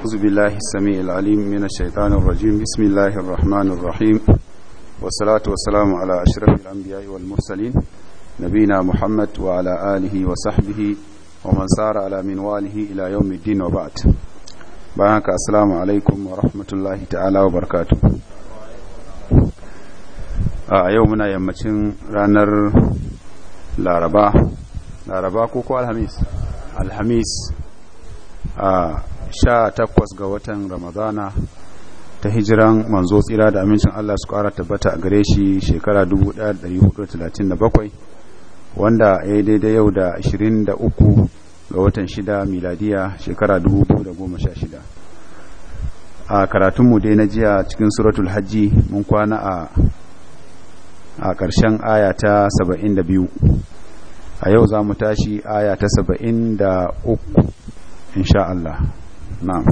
أعوذ بالله السميع العليم من الشيطان الرجيم بسم الله الرحمن الرحيم والصلاة والسلام على أشرف الأنبياء والمرسلين نبينا محمد وعلى آله وصحبه ومن سار على منواله إلى يوم الدين وبعد بارك السلام عليكم ورحمة الله تعالى وبركاته a yau muna yammacin ranar laraba laraba ko ko alhamis alhamis a sha takwas ga watan ramadana ta hijiran manzo tsira da amincin Allah su kara tabbata a gare shi shekara 1437 wanda ya yi daidai yau da 23 ga watan 6 miladiya shekara 2016 a karatunmu dai na jiya cikin suratul hajji mun kwana a a ƙarshen aya ta 72 a yau za mu tashi aya ta 73 insha Allah نعم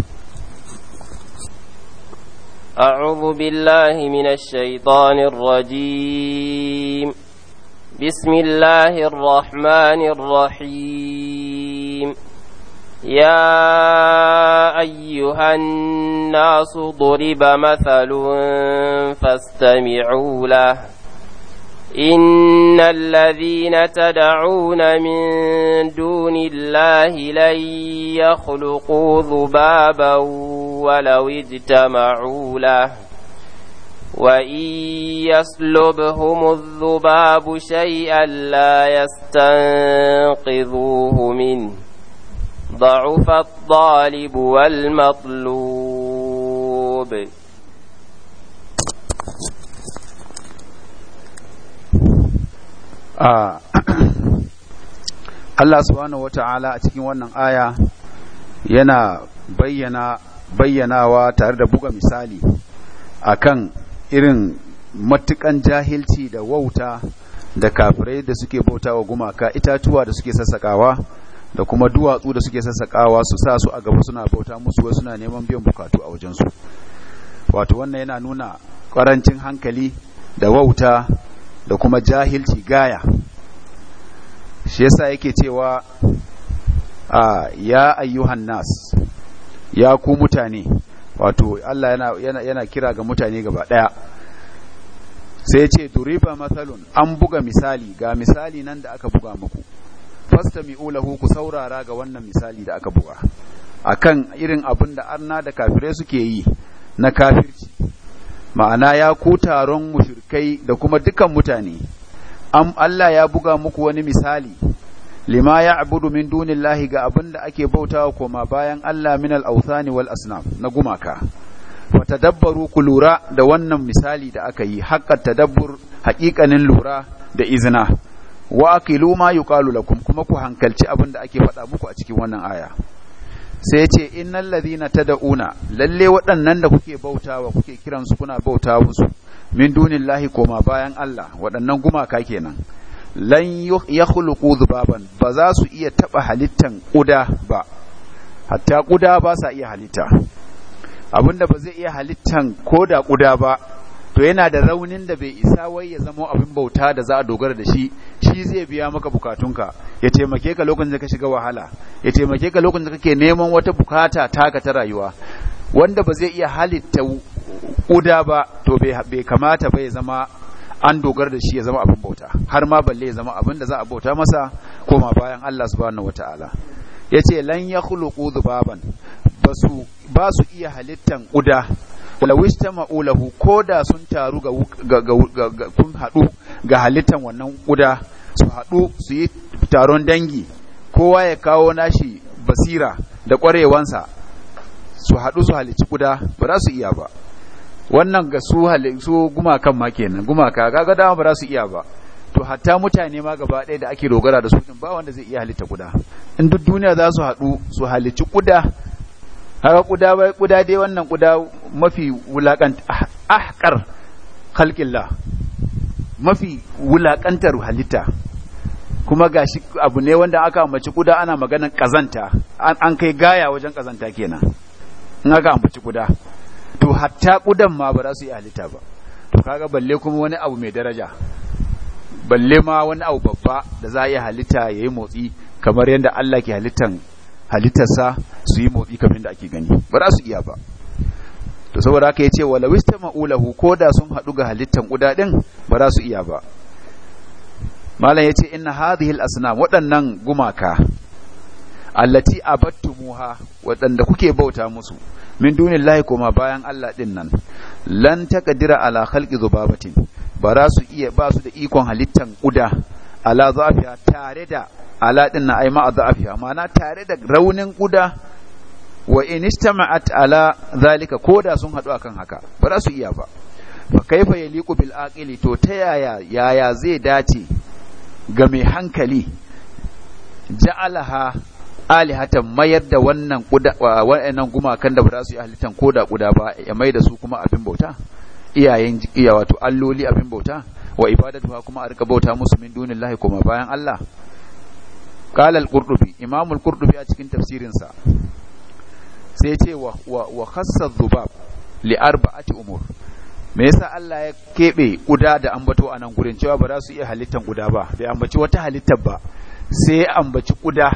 أعوذ بالله من الشيطان الرجيم بسم الله الرحمن الرحيم يا أيها الناس ضرب مثل فاستمعوا له إن الذين تدعون من دون الله لن يخلقوا ذبابا ولو اجتمعوا له وإن يسلبهم الذباب شيئا لا يستنقذوه منه ضعف الطالب والمطلوب Allah subhanahu wata'ala a cikin wannan aya yana bayyana bayyanawa tare da buga misali akan irin matukan jahilci da wauta da kafirai da suke bautawa gumaka itatuwa da suke sassakawa da kuma duwatsu da suke sassakawa su sa su a gaba suna bauta musu wasu suna neman biyan bukatu a wajensu wato wannan yana nuna ƙarancin hankali da wauta da kuma jahilci gaya shi yasa yake cewa a ya ayyuhan nas ya ku mutane wato Allah yana, kira ga mutane gaba daya sai ce duriba mathalun an buga misali ga misali nan da aka buga muku fastami'u lahu ku saurara ga wannan misali da aka buga akan irin abin da arna da kafirai suke yi na kafirci ma'ana ya ku taron mushrikai da kuma dukan mutane am Allah ya buga muku wani misali lima ya abudu min dunillahi ga abin da ake bautawa koma bayan Allah min al-awthani wal asnam na gumaka fatadabbaru ku lura da wannan misali da aka yi ta tadabbur haƙiƙanin lura da izina wa aqilu ma yuqalu lakum kuma ku hankalci abin da ake faɗa muku a cikin wannan aya sai ce innal ta da'una, lalle waɗannan da kuke bautawa kuke kiransu kuna bauta musu min dunillahi koma bayan Allah waɗannan gumaka kenan lan yakhluqu dhubaban ba za su iya taba halittan kuda ba hatta ƙuda ba sa iya halitta abinda ba zai iya halittan ko da ƙuda ba to yana da raunin da bai isa wai ya zama abin bauta da za a dogara da shi shi zai biya maka bukatunka ya taimake ka lokacin da ka shiga wahala ya taimake ka lokacin da kake neman wata bukata taka ta rayuwa wanda ba zai iya halitta uda ba to bai kamata ba ya zama an dogara da shi ya zama abin bauta har ma balle ya zama abin da za a bauta masa koma bayan Allah subhanahu wataala yace lan yakhluqu dhubaban basu ba su iya halittan uda walawista ma'ulahu ko da sun taru ga kun haɗu ga halittan wannan ƙuda su haɗu su yi taron dangi kowa ya kawo nashi basira da ƙwarewansa su haɗu su halicci ƙuda ba za su iya ba wannan ga su su gumakan ma kenan gumaka gaga dama ba za su iya ba to hatta mutane ma gaba ɗaya da ake dogara da su ba wanda zai iya halitta guda. in duk duniya za su haɗu su halicci guda. haka kuda kuda dai wannan kuda mafi wulakant ahkar khalqillah mafi wulakantar halitta kuma gashi abu ne wanda aka ambaci kuda ana magana kazanta an kai gaya wajen kazanta kenan in aka ambaci kuda to hatta kudan ma ba za su yi halitta ba to kaga balle kuma wani abu mai daraja balle ma wani abu babba da za a yi halitta ya yi motsi kamar yadda Allah ke halittan halittarsa su yi motsi kafin da ake gani ba za su iya ba to saboda haka ya ce wa lawista ma'ulahu ko da sun haɗu ga halittar guda ɗin ba za su iya ba malam ya ce inna hadhihi al-asnam waɗannan gumaka allati abattumuha waɗanda kuke bauta musu min lahi kuma bayan Allah ɗin nan lan taqdira ala khalqi zubabatin ba za su iya ba su da ikon halittan guda ala zafiya tare da ala din na ai ma amma na tare da raunin kuda wa in istama'at ala zalika koda sun haɗu akan haka ba za su iya ba fa kaifa yaliqu bil aqili to ta yaya yaya zai dace ga mai hankali ja'alaha alihatan mayar da wannan kuda wa'annan gumakan da ba za su yi halittan koda kuda ba ya mai da su kuma abin bauta iyayen iya wato alloli abin bauta wa ibadatu kuma a rika bauta musu min dunillahi kuma bayan Allah قال القرطبي امام القرطبي a cikin tafsirinsa sai ce wa wa khassa dhubab li arba'ati umur me yasa Allah ya kebe kuda da ambato a nan gurin cewa ba za su iya halittan kuda ba bai ambaci wata halittar ba sai ambaci kuda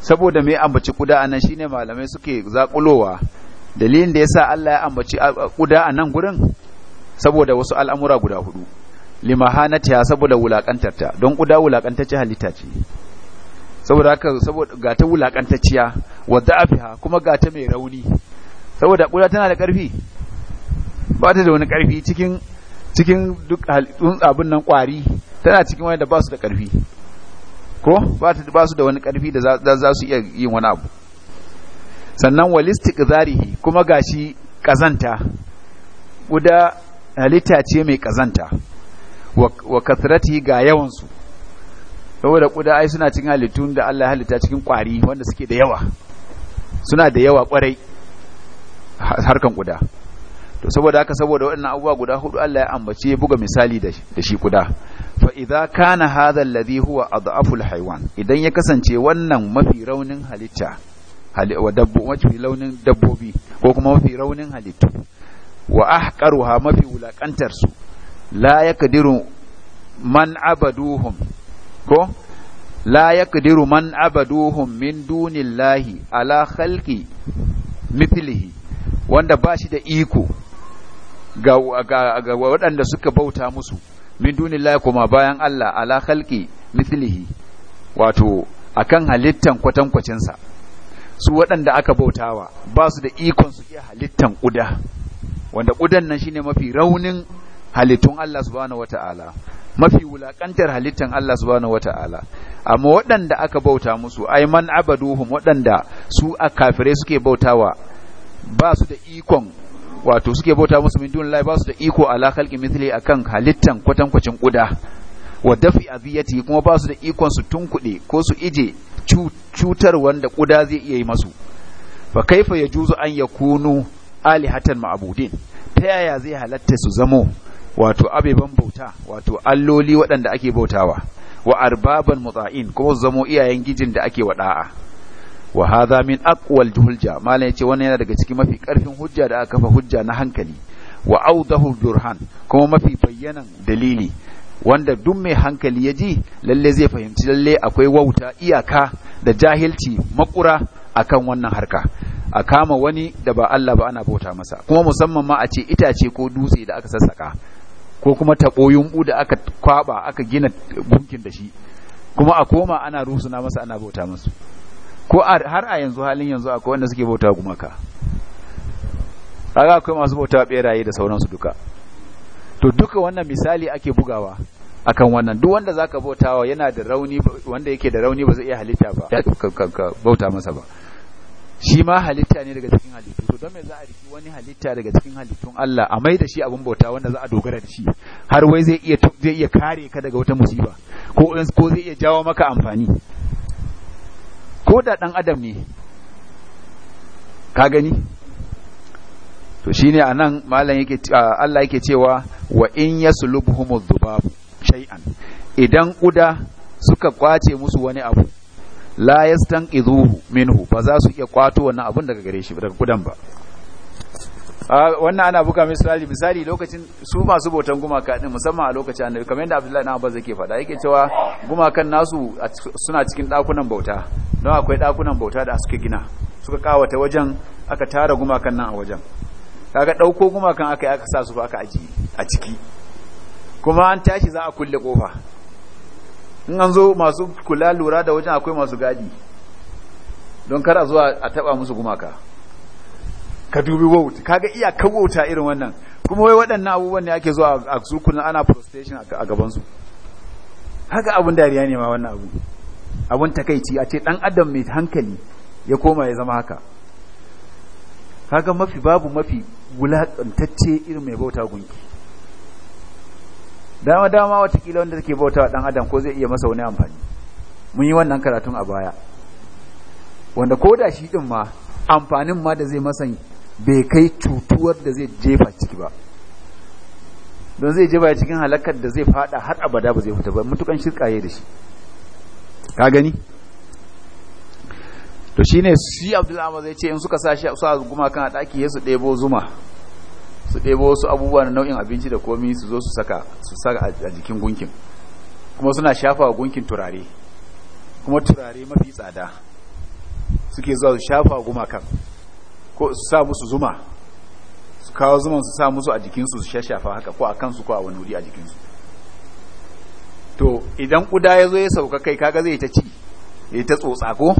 saboda me ambaci kuda anan shine malamai suke zakulowa dalilin da yasa Allah ya ambaci kuda a nan gurin saboda wasu al'amura guda hudu limahanatiha saboda wulakantarta don kuda wulakantacce halitta ce saboda haka saboda ga ta wulakantacciya wa da'afiha kuma ga ta mai rauni saboda kuda tana da karfi ba ta da wani karfi cikin cikin duk halittun abin nan kwari tana cikin wani da ba su da karfi ko ba ta ba su da wani karfi da za su iya yin wani abu sannan walistik zarihi kuma gashi kazanta guda halitta ce mai kazanta wa kasrati ga yawansu saboda kuda ai suna cikin halittun da Allah halitta cikin kwari wanda suke da yawa suna da yawa kwarai harkan kuda to saboda haka saboda waɗannan abubuwa guda hudu Allah ya ambace ya buga misali da shi kuda fa idza kana hadha alladhi huwa adhaful haywan idan ya kasance wannan mafi raunin halitta wa mafi launin dabbobi ko kuma mafi raunin halittu wa ahqaruha mafi wulakantar su la kadiru man abaduhun, ko la kadiru man abaduhun min dunillahi ala khalqi mithlihi wanda ba shi da iko ga, ga waɗanda suka bauta musu min dunillahi kuma bayan Allah ala khalqi mithlihi wato akan halittan kwatankwacinsa su waɗanda aka bautawa ba su da ikon su iya halittan ƙuda wanda ƙudan nan shine mafi raunin halittun Allah subhanahu wata'ala mafi wulakantar halittan Allah subhanahu wata'ala amma waɗanda aka bauta musu ai man abaduhum waɗanda su a kafire suke bautawa ba su da ikon wato suke bauta musu min dun ba su da iko ala khalqi mithli akan halittan kwatankwacin kuda wa dafi aziyati kuma ba su da ikon su tunkuɗe ko su ije cutar wanda kuda zai iya yi masu fa kaifa yajuzu an yakunu alihatan ma'budin ta yaya zai halatta su zamo wato abeban bauta wato alloli waɗanda ake bautawa wa arbaban mutsa'in kuma zamo iyayen gijin da ake wada'a wa hadha min aqwal juhulja malai yace wannan yana daga cikin mafi karfin hujja da aka kafa hujja na hankali wa awdahu durhan kuma mafi bayyanan dalili wanda duk mai hankali ya ji lalle zai fahimci lalle akwai wauta iyaka da jahilci makura akan wannan harka a kama wani da ba Allah ba ana bauta masa kuma musamman ma a ce itace ko dutse da aka sassaka ko kuma taɓo da aka kwaba aka gina gunkin da shi kuma a koma ana rusuna masa ana bauta masu ko har a yanzu halin yanzu akwai wanda suke bauta gumaka ga akwai masu bauta beraye da sauransu duka to duka wannan misali ake bugawa akan wannan duk wanda zaka bautawa yana da rauni wanda yake da rauni ba zai iya halitta ba ya bauta masa ba shi ma halitta ne daga cikin halittu to don me za a riki wani halitta daga cikin halittun Allah a mai da shi abin bauta wanda za a dogara da shi har wai zai iya zai iya kare ka daga wata musiba ko ko zai iya jawo maka amfani ko da dan adam ne ka gani to shine anan malam yake Allah yake cewa wa in yaslubhumudh dhubab shay'an idan uda suka kwace musu wani abu la yastanqidhuhu minhu ba za su iya kwato wannan abun daga gare shi daga gudan ba wannan ana buga misali misali lokacin su masu botan gumaka din musamman a lokacin annabi kamar yadda Abdullahi ibn Abbas yake fada yake cewa gumakan nasu suna cikin dakunan bauta don akwai dakunan bauta da suka gina suka kawata wajen aka tara gumakan nan a wajen kaga dauko gumakan aka yi aka sa su aka aji a ciki kuma an tashi za a kulle kofa in an zo masu kula lura da wajen akwai masu gadi don kar a zuwa a taba musu gumaka ka dubi wauta kaga iya kan wauta irin wannan kuma wai waɗannan abubuwan ne ake zuwa a sukunan ana prostation a gabansu haka abun dariya ne ma wannan abu abun takaici a ce ɗan adam mai hankali ya koma ya zama haka kaga mafi babu mafi wulaƙantacce irin mai bauta gunki dama dama watakila wanda take bauta wa dan adam ko zai iya masa wani amfani mun yi wannan karatun a baya wanda ko da shi din ma amfanin ma da zai masa bai kai cutuwar da zai jefa ciki ba don zai jefa cikin halakar da zai fada har abada ba zai fita ba mutukan shirkaye da shi ka gani to shine shi Abdullah zai ce in suka sa shi su guma gumakan a daki Yesu debo zuma su ɗebo wasu abubuwa na nau'in abinci da komi su zo su saka su saka a jikin gunkin kuma suna shafa gunkin turare kuma turare mafi tsada suke zuwa su shafa gumakan ko su sa musu zuma su kawo zuman su sa musu a jikinsu su shashafa haka ko a kansu ko a wani wuri a jikinsu to idan kuda ya zo ya sauka kai kaga zai ta ci ya ta tsotsa ko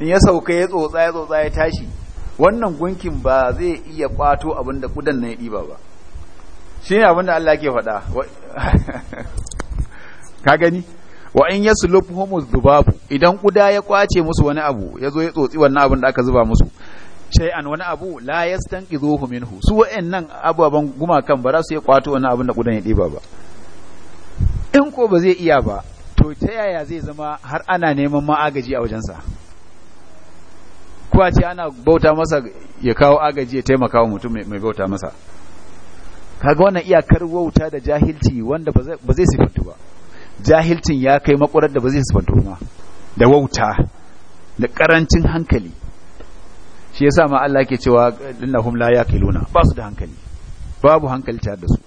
in ya sauka ya tsotsa ya tsotsa ya tashi wannan gunkin ba zai iya kwato abin da kudan na ya ɗiba ba shi ne abin da Allah ke faɗa ka gani wa in ya sulufuhumus zubabu idan kuda ya kwace musu wani abu ya zo ya tsotsi wannan abin da aka zuba musu an wani abu la yastanqidhuhu minhu su wa'annan ababen gumakan ba za su iya kwato wani abin da kudan ya ɗiba ba in ko ba zai iya ba to ta yaya zai zama har ana neman ma'agaji a wajensa kuwa ce ana bauta masa ya kawo agaji ya taimaka wa mutum mai bauta masa kaga wannan iyakar wauta da jahilci wanda ba zai sifantu ba jahilcin ya kai makwarar da ba zai sifantu ba da wauta da karancin hankali shi yasa ma Allah ke cewa innahum la yaqiluna ba su da hankali babu hankali tare da su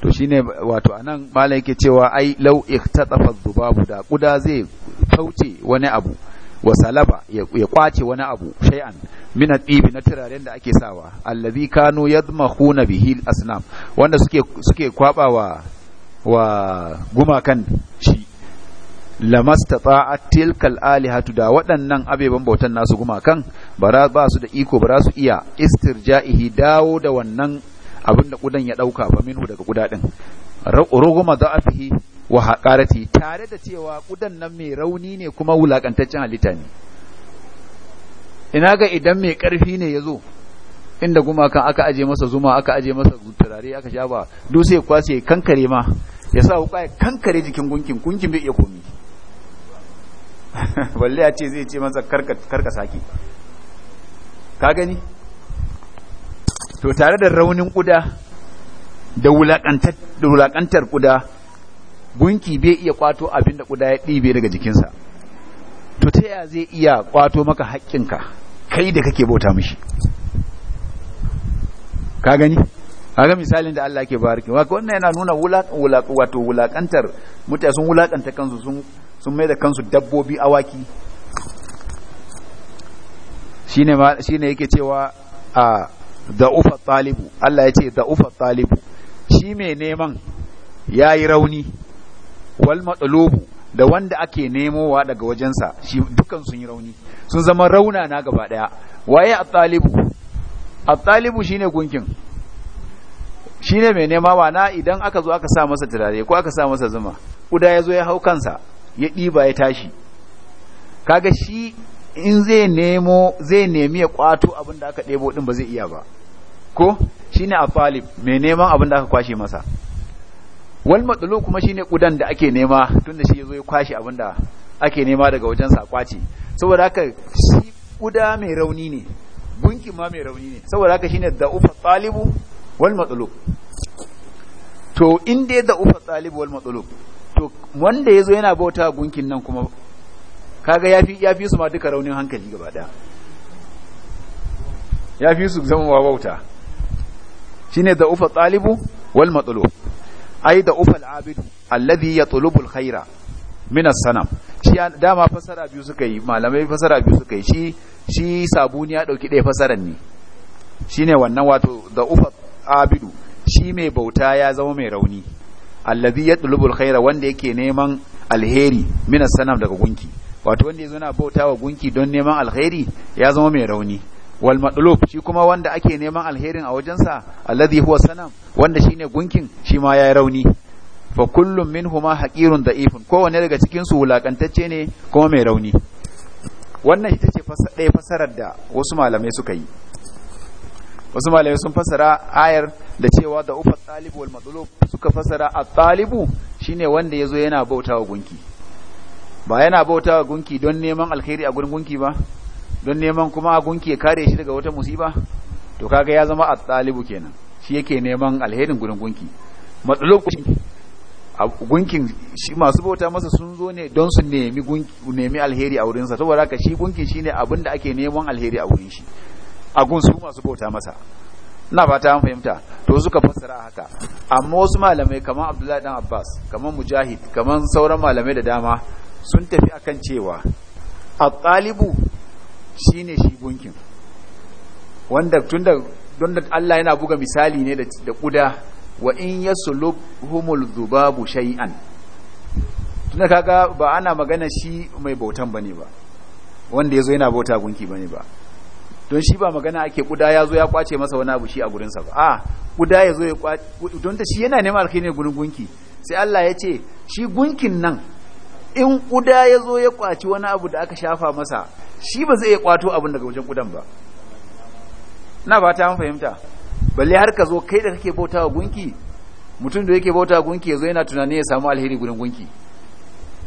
to shine wato anan malai yake cewa ai law ikhtatafa dhubabu da kuda zai kauce wani abu wa salaba ya kwace wani abu shay'an min atibi na turaren da ake sawa allazi kanu yadmahuna bihi asnam wanda suke suke kwabawa wa gumakan shi lamastata'at tilkal alihatu da waɗannan abeban bautan nasu gumakan bara ba su da iko bara su iya istirja'ihi dawo da wannan abin da kudan ya dauka fa minhu daga kuda ɗin. ruguma afihi wa haqarati tare da cewa ƙudan nan mai rauni ne kuma wulakantaccen halitta ne ina ga idan mai karfi ne yazo inda gumakan aka aje masa zuma aka aje masa turare aka sha ba duk sai kwase kankare ma ya sa wuka kankare jikin gunkin gunkin bai iya komi balle ya ce zai ce masa karka sake ka gani to tare da raunin ƙuda. da wulakantar kuda gunki bai iya kwato abin da kuda ya ɗibe daga jikinsa to ta yaya zai iya kwato maka haƙƙinka kai da kake bauta mishi ka gani kaga misalin da Allah ke barki wa wannan yana nuna wato wulakantar mutane sun wulakanta kansu sun mai da kansu dabbobi awaki shi ne yake cewa a da'ufa talibu Allah ya ce da'ufa talibu shi mai neman ya yi rauni wal matsalobu da wanda ake nemowa daga wajensa shi dukan sun yi rauni sun zama rauna na gaba daya waye a talibu A talibu shine gunkin Shi ne mai nema wana idan aka zo aka sa masa turare ko aka sa masa zuma kuda ya zo ya hau kansa ya ɗiba ya tashi kaga shi in zai nemo zai nemi ya kwato abin da aka ɗebo ɗin ba zai iya ba ko shine afalib mai neman abin da aka kwashe masa wal matsalo kuma shine kudan da ake nema tun da shi ya zo ya kwashe abin da ake nema daga wajen sa kwace saboda haka shi kuda mai rauni ne gunki ma mai rauni ne saboda haka shine ufa talibu wal matsalo to in dai ufa talibu wal matsalo to wanda ya zo yana bauta gunkin nan kuma kaga yafi yafi su ma duka raunin hankali gaba daya fi su zama bauta shine da ufa talibu wal matlub ai da ufa al-abidu alladhi yatlubu al-khaira min as-sanam shi dama fasara biyu suka yi malamai fasara biyu suka yi shi shi sabuni ya dauki ɗaya fasaran ne shine wannan wato da ufa abidu shi mai bauta ya zama mai rauni alladhi yatlubu al-khaira wanda yake neman alheri min as-sanam daga gunki wato wanda yazo bauta bautawa gunki don neman alheri ya zama mai rauni wal matlub shi kuma wanda ake neman alherin a wajensa alladhi huwa sanam wanda shine gunkin shi ma yayi rauni fa kullum minhuma haqirun da'ifun kowanne daga cikin su wulakantacce ne kuma mai rauni wannan ita ce ɗaya fasarar da wasu malamai suka yi wasu malamai sun fasara ayar da cewa da ufa talib wal matlub suka fasara at talibu shine wanda yazo yana bautawa gunki ba yana bautawa gunki don neman alheri a gurin gunki ba don neman kuma agunki ya kare shi daga wata musiba to kaga ya zama at-talibu kenan shi yake neman alherin gurin gunki matsalolin gunkin shi masu bauta masa sun zo ne don su nemi nemi alheri a wurinsa saboda haka shi gunkin shine abin da ake neman alheri a wurin shi a gun su masu bauta masa ina fata an fahimta to suka fassara haka amma wasu malamai kamar Abdullahi dan Abbas kamar Mujahid kamar sauran malamai da dama sun tafi akan cewa at-talibu shine shi gunkin wanda tunda don da Allah yana buga misali ne da kuda wa in humul zubabu shay'an tunda kaga ba ana magana shi mai bautan bane ba wanda yazo yana bauta gunki bane ba don shi ba magana ake kuda yazo ya kwace masa wani abu shi a gurin sa a kuda yazo ya kwace don da shi yana neman alkhairi gurin gunki sai Allah ya ce shi gunkin nan in kuda yazo ya kwaci wani abu da aka shafa masa shi ba zai iya kwato abin daga wajen kudan ba na ba ta fahimta balle har ka zo kai da kake bauta wa gunki mutum da yake bauta wa gunki yazo yana tunani ya samu alheri gurin gunki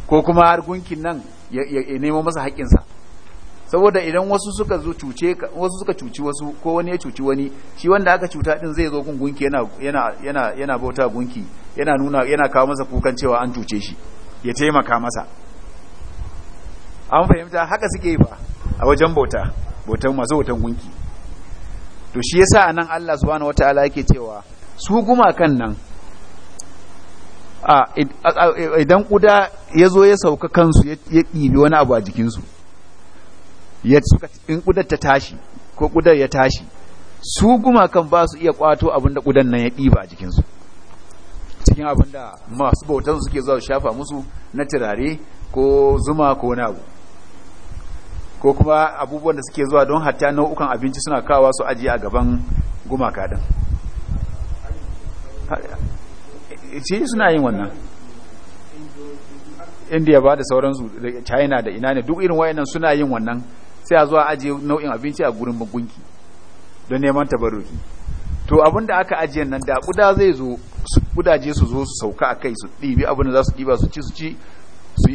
ko kuma har gunkin nan ya nemo masa haƙƙinsa saboda idan wasu suka cuci wasu ko wani ya cuci wani shi wanda aka cuta din zai zo gun gunki yana yana bauta gunki yana kawo masa kukan cewa an cuce shi ya taimaka masa an fahimta haka suke yi fa a wajen bauta bautan masu bautan gunki to shi yasa anan Allah subhanahu wataala yake cewa su guma kan nan a idan kuda ya zo ya sauka kansu ya ɗibi wani abu a jikinsu ya suka in kudar ta tashi ko kudar ya tashi su gumakan ba su iya kwato abin da kudan nan ya ɗiba a jikinsu cikin abin da masu bautan suke zuwa shafa musu na turare ko zuma ko wani abu ko kuma abubuwan da suke zuwa don hatta nau'ukan abinci suna kawa su ajiye a gaban gumaka din ce suna yin wannan india ba da sauransu da china da ina ne duk irin wayannan suna yin wannan sai a zuwa ajiye nau'in abinci a gurin magunki don neman tabaruki to abin da aka ajiye nan da kuda zai zo kudaje su zo su sauka a kai su ɗibi abin da za su ɗiba su ci su ci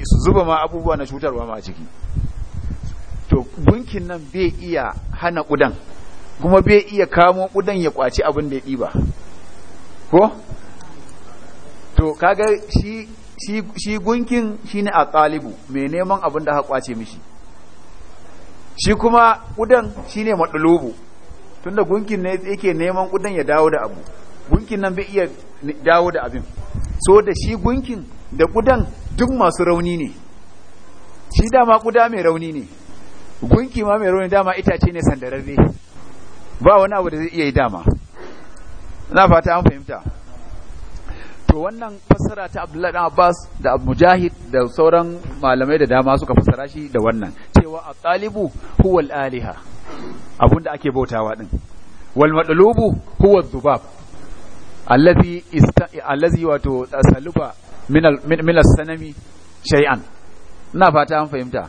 su zuba ma abubuwa na cutarwa ma a ciki to gunkin nan bai iya hana kudan, kuma bai iya kamo ƙudan ya kwaci abin da ya ɗiba ko to kaga shi shi shi gunkin shine a talibu mai neman abin da aka kwace mishi shi kuma ƙudan shine maɗulubu tunda gunkin ne yake neman ƙudan ya dawo da abu gunkin nan bai iya dawo da abin so da shi gunkin da ƙudan duk masu rauni ne shi dama ƙuda mai rauni ne gunki ma mai rauni dama itace ne sandararre ba wani abu da zai iya yi dama na fata an fahimta to wannan fassara ta Abdullahi dan Abbas da Mujahid da sauran malamai da dama suka fassara shi da wannan cewa a talibu huwa aliha abinda ake bautawa din wal madlubu huwa dhubab allazi allazi wato tasalluba min min sanami shay'an ina fata an fahimta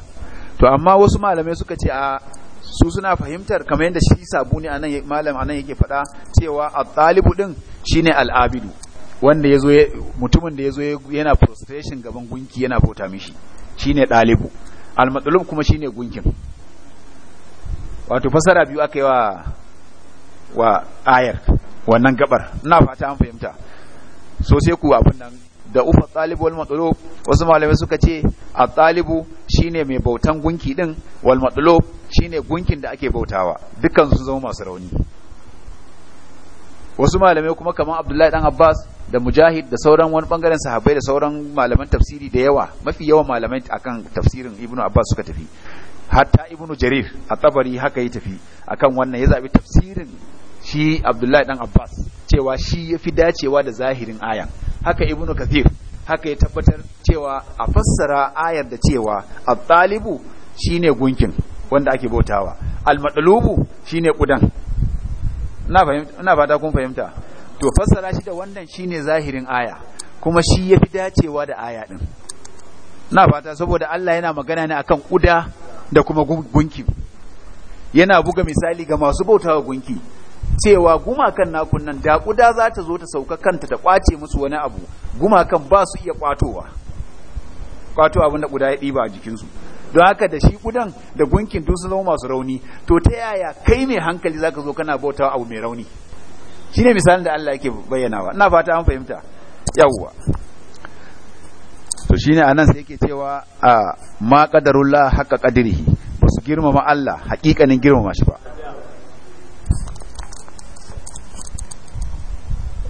to amma wasu malamai suka ce a su suna fahimtar kamar yadda shi sabuni anan malam anan yake faɗa cewa at-talibu din shine al-abidu wanda yazo mutumin da yazo yana prostration gaban gunki yana bauta mishi shine dalibu al-matlum kuma shine gunkin wato fasara biyu aka yi wa wa ayar wannan gabar ina fata an fahimta so sai ku abin nan da ufa talibu wal matlub wasu malamai suka ce a talibu shine mai bautan gunki din wal matlub shine gunkin da ake bautawa dukkan sun zama masu rauni wasu malamai kuma kamar Abdullahi dan Abbas da Mujahid da sauran wani bangaren sahabbai da sauran malaman tafsiri da yawa mafi yawan malamai akan tafsirin Ibn Abbas suka tafi hatta Ibn Jarir a tabari haka ya tafi akan wannan ya zabi tafsirin shi Abdullahi dan Abbas cewa shi ya fi dacewa da zahirin ayan haka ibnu kathir haka ya tabbatar cewa a fassara ayar da cewa at-talibu shine gunkin wanda ake bautawa al madlubu shine kudan ina fahimta ina fata kun fahimta to fassara shi da wannan shine zahirin aya kuma shi yafi dacewa da aya din ina fata saboda Allah yana magana ne akan kuda da kuma gunki yana buga misali ga masu bautawa gunki cewa gumakan nakun nan da kuda za ta zo ta sauka kanta ta kwace musu wani abu gumakan ba su iya kwatowa kwato abin da kuda ya ɗiba a jikinsu don haka da shi kudan da gunkin duk su zama masu rauni to ta yaya kai mai hankali za ka zo kana bauta abu mai rauni Shi ne misalin da Allah yake bayyanawa ina fata an fahimta yawwa to shi ne a nan sai yake cewa a ah, ma qadarullah haqa ba basu girmama Allah hakikanin girmama shi ba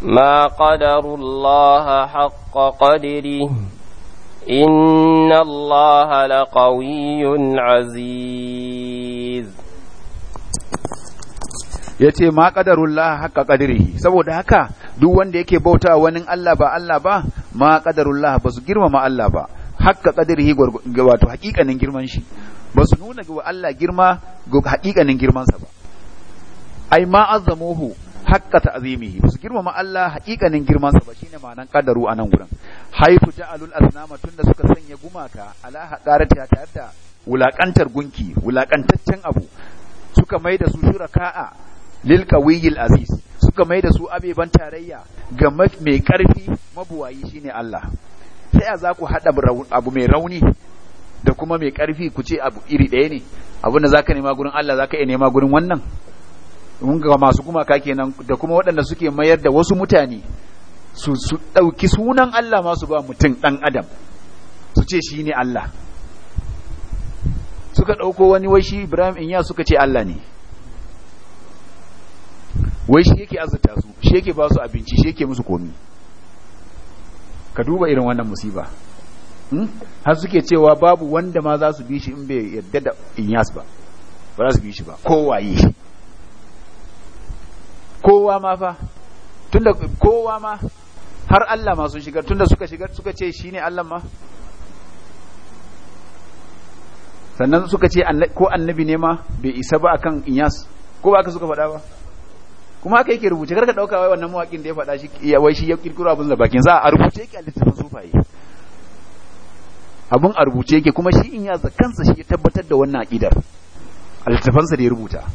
ما قدروا الله حق قدره إن الله لقوي عزيز ya ce ma qadarullah haka qadiri saboda haka duk wanda yake bauta wani Allah ba Allah ba ma qadarullah ba su girmama Allah ba qadiri ƙadirihi wato haƙiƙanin girman shi ba su nuna wa Allah girma ga haƙiƙanin girmansa ba ai ma azzamuhu ta azimi ba su girmama Allah haƙiƙanin girman sa ba shine ma'anan kadaru a nan gurin haifu ja'alul asnama tunda suka sanya gumaka ala haqaratiha ta yadda wulakantar gunki wulakantaccen abu suka maida su shuraka'a lil qawiyil aziz suka maida su abeban tarayya ga mai karfi mabuwayi shine Allah sai za ku hada abu mai rauni da kuma mai karfi ku ce abu iri ɗaya ne abin da zaka nema gurin Allah zaka iya nema gurin wannan mun ga masu gumaka kenan da kuma waɗanda suke mayar da wasu mutane su su ɗauki sunan Allah masu ba mutum ɗan adam su ce shi ne Allah suka ɗauko wani wai shi Ibrahim ya suka ce Allah ne wai shi yake azuta su shi yake ba su abinci shi yake musu komi ka duba irin wannan musiba hmm? har suke cewa babu wanda ma za su bi shi in bai yarda da in ba ba za su bi shi ba kowaye kowa ma fa tunda kowa ma har Allah ma sun shigar tunda suka shigar suka ce ne Allah ma sannan suka ce ko annabi ne ma bai isa ba akan Inyas ko ba aka suka faɗa ba kuma haka yake rubuce karka dauka wai wannan mawakin da ya faɗa shi wai shi ya kirkiro abin da bakin sa a rubuce yake a littafin sufaye abun a rubuce yake kuma shi in ya kansa shi ya tabbatar da wannan aqidar a littafansa da ya rubuta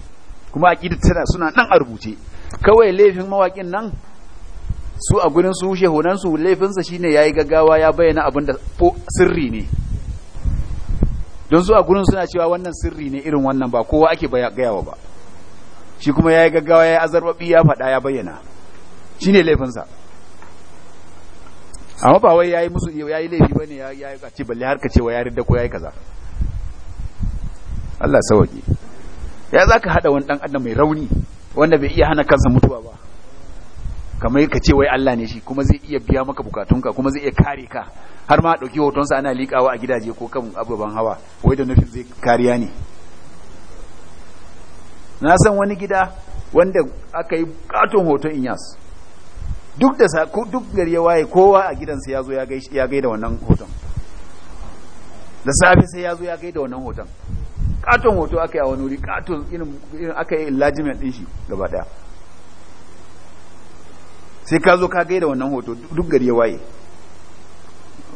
kuma aqidar tana suna nan a rubuce kawai laifin mawaƙin nan su a gurin su shehunansu laifinsa shine ya yi gaggawa ya bayyana abin da sirri ne don su a gurin suna cewa wannan sirri ne irin wannan ba kowa ake gayawa ba shi kuma ya yi gaggawa ya yi azarbaɓi ya faɗa ya bayyana shi ne laifinsa amma ba wai ya yi musu ya yi laifi ba ne ya yi ce balle har ka cewa ya ridda ko ya yi kaza Allah sawaƙi ya za ka haɗa wani ɗan adam mai rauni wanda bai iya hana kansa mutuwa ba kamar ka ce wai Allah ne shi kuma zai iya biya maka bukatunka kuma zai iya kare ka har ma dauki hotonsa ana likawa a gidaje ko kan ababen hawa wai da nufin zai kariya ne na san wani gida wanda aka yi katon hoton Inyas duk da duk gari ya waye kowa a gidansa ya zo ya gaida wannan hoton da safe sai ya zo ya gaida wannan hoton katon hoto aka yi a wani wuri katon irin aka yi enlargement din shi gaba daya sai ka zo ka gaida wannan hoto duk gari ya waye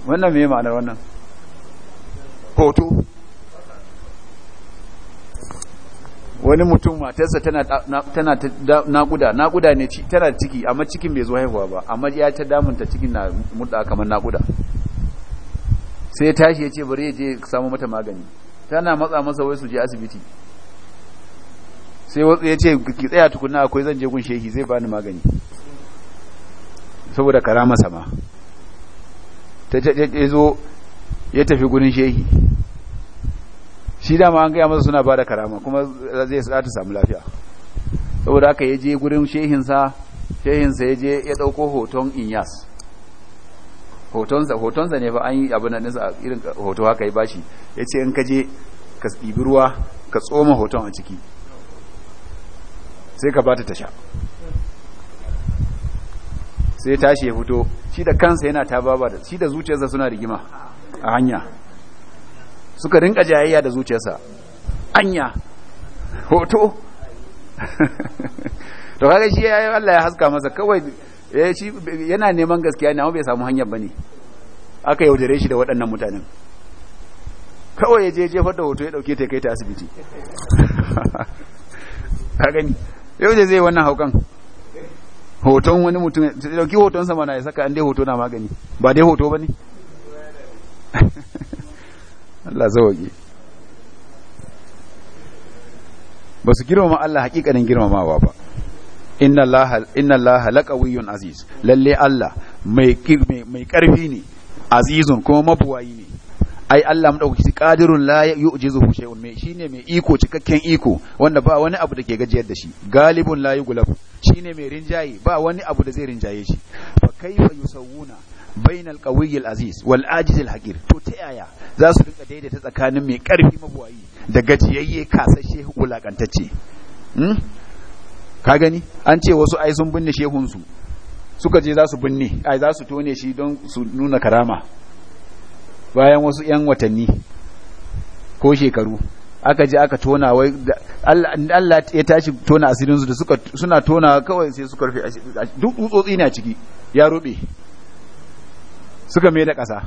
wannan mai ma'anar wannan hoto wani mutum matarsa tana tana nakuda nakuda ne tana ciki amma cikin bai zo haihuwa ba amma ya ta damunta cikin na mutu kamar nakuda sai tashi ya ce bari ya je samu mata magani tana matsa masa wai su je asibiti sai wasu ya ce ki tsaya tukuna akwai zan je gun shehi zai bani magani saboda kara masa ma ta ce zo ya tafi gurin shehi shi dama an gaya masa suna ba da karama kuma zai sa ta samu lafiya saboda aka ya je gurin shehinsa shehinsa ya je ya ɗauko hoton inyas hotonsa hotonsa ne fa an yi abin nan sa irin hoto haka ya bashi yace in ka je ka tsibi ruwa ka tsoma hoton a ciki sai ka bata ta sha sai tashi ya fito shi da kansa yana ta baba da shi da zuciyarsa suna rigima a hanya suka rinka jayayya da zuciyarsa anya hoto to kaga shi ya yi Allah ya haska masa kawai Eh, yana neman gaskiya ne amma bai samu hanyar bane aka yaudare shi da waɗannan mutanen kawai ya je jefar da hoto ya dauke ta kai ta asibiti ka gani yau da zai wannan haukan hoton wani mutum ya dauki hoton sama na ya saka an dai hoto na magani ba dai hoto ne Allah waje ba su girmama Allah hakikanin girmamawa ba inna allaha laqawiyyun aziz lalle allah mai ƙarfi ne azizun kuma mabuwayi ne ai Allah madaukaki ƙadirun la yu'jizuhu shay'un mai shine mai iko cikakken iko wanda ba wani abu da ke gajiyar da shi galibun la yughlab shine mai rinjaye ba wani abu da zai rinjaye shi fa yi yusawuna bainal qawiyyil aziz wal ajizil haqir to ta yaya za su rinka daidaita tsakanin mai karfi mabuwayi da gajiyayye kasashe wulaƙantacce. Hmm? ka gani an ce wasu ai sun binne shehunsu suka je za su binne ai za su tone shi don su nuna karama bayan wasu 'yan watanni ko shekaru aka je aka tona wai Allah ya tashi tona asirinsu da suka suna tona kawai sai suka rufe duk tsotsotsi ne a ciki ya rube suka mai da ƙasa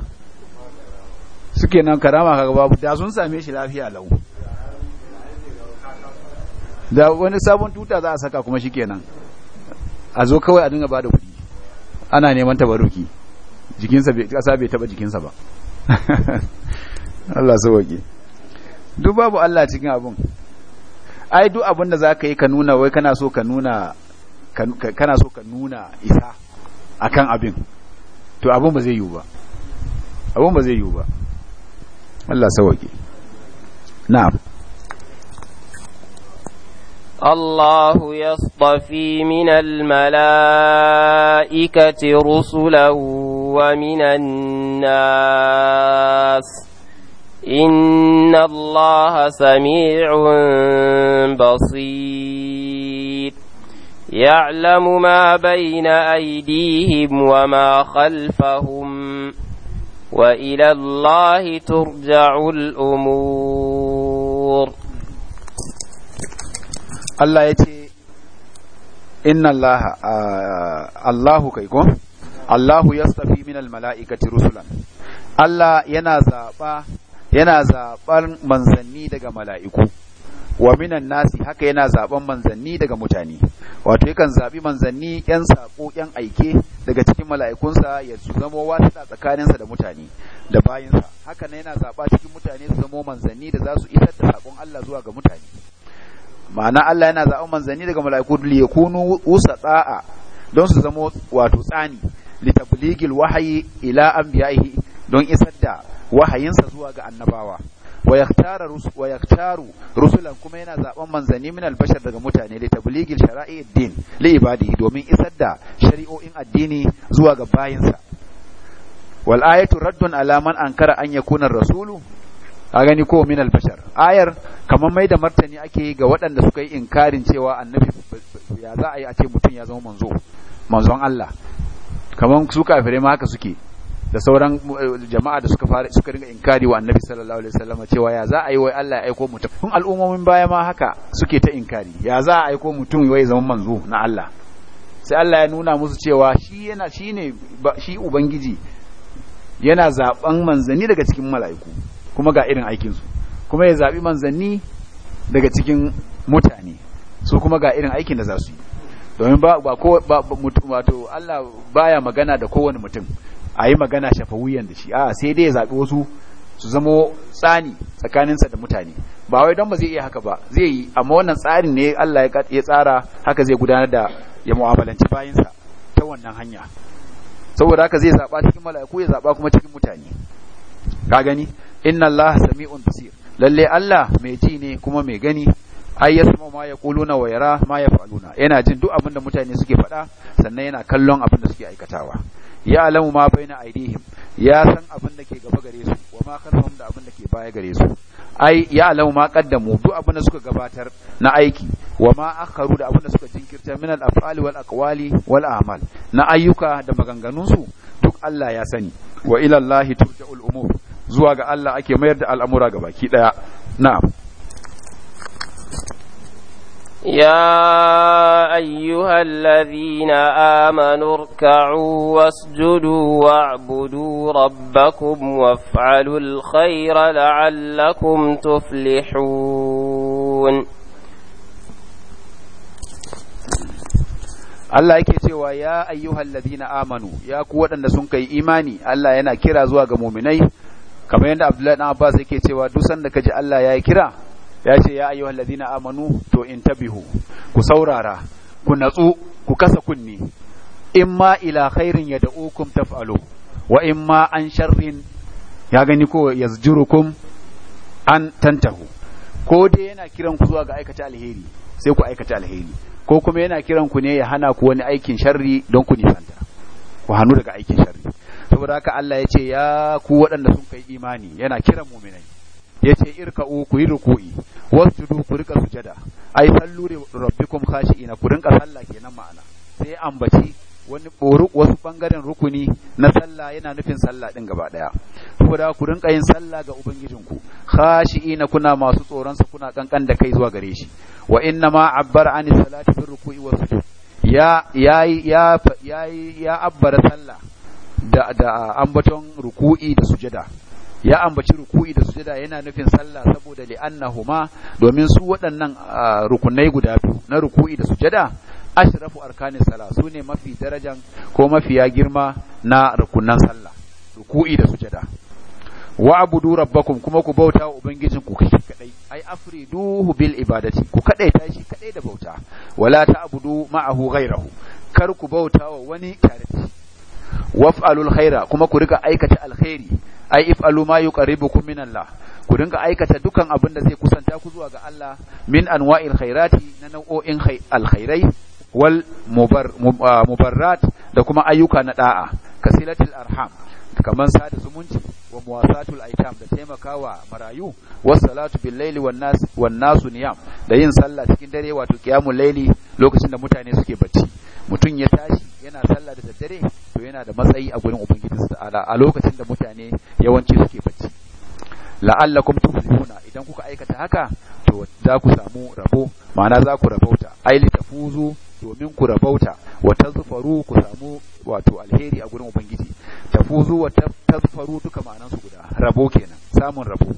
suke nan karama ka babu da sun same shi lafiya lau da wani sabon tuta za a saka kuma shikenan a zo kawai a dinga ba da kudi ana neman tabaruki jikinsa bai kasa bai taɓa jikinsa ba Allah sauwaƙe duk babu Allah cikin abun ai duk abun da za ka yi ka nuna wai kana so ka nuna kana so ka nuna isa akan abin to abun ba zai yiwu ba abun ba zai yiwu ba Allah sauwaƙe na'am الله يصطفي من الملائكة رسلا ومن الناس إن الله سميع بصير يعلم ما بين أيديهم وما خلفهم وإلى الله ترجع الأمور Allah ya ce inna Allah Allahu kai ko Allahu yastafi min almala'ikati rusulan Allah yana zaba yana zaban manzanni daga mala'iku wa minan nasi haka yana zaban manzanni daga mutane wato yakan zabi manzanni yan sako yan aike daga cikin mala'ikunsa ya zamo wasita tsakaninsa da mutane da bayinsa haka ne yana zaba cikin mutane su zama manzanni da za su isar da sakon Allah zuwa ga mutane ma'ana Allah yana zaɓen manzanni daga mala'iku li yakunu tsa'a don su zama wato tsani li wahayi ila anbiya'ihi don isar da wahayinsa zuwa ga annabawa wa yaktaru wa rusulan kuma yana zaɓen manzanni min albashar daga mutane li tabligil shara'i din li ibadi domin isar da shari'o'in addini zuwa ga bayinsa wal ayatu raddun ala man ankara an yakuna rasulu a gani ko min albashar ayar kamar mai da martani ake yi ga waɗanda suka yi inkarin cewa annabi ya za a yi a ce mutum ya zama manzo manzon Allah kamar su kafire ma haka suke da sauran eh, jama'a da suka fara suka ringa inkari wa annabi sallallahu alaihi wasallam cewa ya za a yi wai Allah ya aiko mutum kun al'ummomin baya ma haka suke ta inkari ya za a aiko mutum wai zama manzo na Allah sai Allah ya nuna musu cewa shi yana shine shi ubangiji yana zaben manzani daga cikin mala'iku kuma ga irin aikinsu kuma ya zaɓi manzanni daga cikin mutane su kuma ga irin aikin da za su yi domin ba ko wato Allah baya magana da kowane mutum a yi magana shafa wuyan da shi a sai dai ya zaɓi wasu su zamo tsani tsakaninsa da mutane ba wai don ba zai iya haka ba zai yi amma wannan tsarin ne Allah ya tsara haka zai gudanar da ya mu'amalanci bayinsa ta wannan hanya saboda haka zai zaɓa cikin mala'iku ya zaɓa kuma cikin mutane ka gani inna Allah sami'un basir lalle Allah mai ji ne kuma mai gani ai yasma ma yaquluna wa yara ma faluna yana jin duk abin da mutane suke faɗa sannan yana kallon abin da suke aikatawa ya alamu ma baina aidihim ya san abin da ke gaba gare su wa ma khalfahum da abin da ke baya gare su ai ya alamu ma qaddamu duk abin da suka gabatar na aiki wa ma akharu da abin da suka jinkirta min al af'ali wal aqwali wal a'mal na ayyuka da maganganun su duk Allah ya sani wa ila Allah turja'ul umur zuwa ga Allah ake mayar da al'amura ga baki ɗaya na'am Ya أيها الذين آمنوا اركعوا واسجدوا واعبدوا ربكم وافعلوا الخير لعلكم tuflihun Allah yake cewa ya ayyuhal na amanu ya ku waɗanda sun kai imani Allah yana kira zuwa ga muminai kamar yadda Abdullahi dan Abbas yake cewa duk sanda ji Allah ya kira ya ce ya ayyuhal ladina amanu to in intabihu ku saurara ku natsu ku kasa kunni ma ila khairin ta taf'alu wa in ma an sharrin ya gani ko yazjurukum an tantahu ko dai yana kiran ku zuwa ga aikata alheri sai ku aikata alheri ko kuma yana kiran ku ne ya hana ku wani aikin sharri don ku nisanta ku hannu daga aikin sharri saboda haka Allah ya ce ya ku waɗanda sun kai imani yana kiran muminai ya ce irka'u ku yi ruku'i wasu wasjudu ku rika sujada ai sallu li rabbikum khashi'ina ku rinka sallah kenan ma'ana sai ambaci wani boru wasu bangaren rukuni na sallah yana nufin sallah din gaba daya saboda ku rinka yin sallah ga ubangijinku khashi'ina kuna masu tsoron sa kuna kankan da kai zuwa gare shi wa inna ma abbar anis salati bin ruku'i wasu ya ya ya ya abbara sallah da da ambaton ruku'i da sujada ya ambaci ruku'i da sujada yana nufin sallah saboda huma domin su waɗannan rukunai guda biyu na ruku'i da sujada ashrafu arkanin sallah su ne mafi darajan ko mafi ya girma na rukunan sallah ruku'i da sujada wa abudu rabbakum kuma ku bauta wa ubangijin ku kashi kadai ai afriduhu bil ibadati ku kadai tashi kadai da bauta wala ta abudu ma'ahu ghairahu kar ku bauta wa wani tare waf'alul khaira kuma ku rika aikata alkhairi ai if'alu ma yuqarribukum min Allah ku dinga aikata dukan abin da zai kusanta ku zuwa ga Allah min anwa'il khairati na nau'o'in alkhairai wal ah, mubarrat da kuma ayyuka na da'a kasilatul arham kamar sada zumunci wa muwasatul aitam da taimakawa marayu wassalatu bil laili wan nas wan nasu niyam da yin sallah cikin dare wato qiyamul laili lokacin da mutane suke bacci mutum ya tashi yana sallah da daddare to yana da matsayi a gurin ubangiji ta'ala a lokacin da mutane yawanci suke bacci la'allakum tuflihuna idan kuka aikata haka to za ku samu rabo ma'ana za ku rabauta ai tafuzu, domin ku rabauta wa tazfaru ku samu wato alheri a gurin ubangiji tafuzu wa tazfaru duka ma'anansu guda rabo kenan samun rabo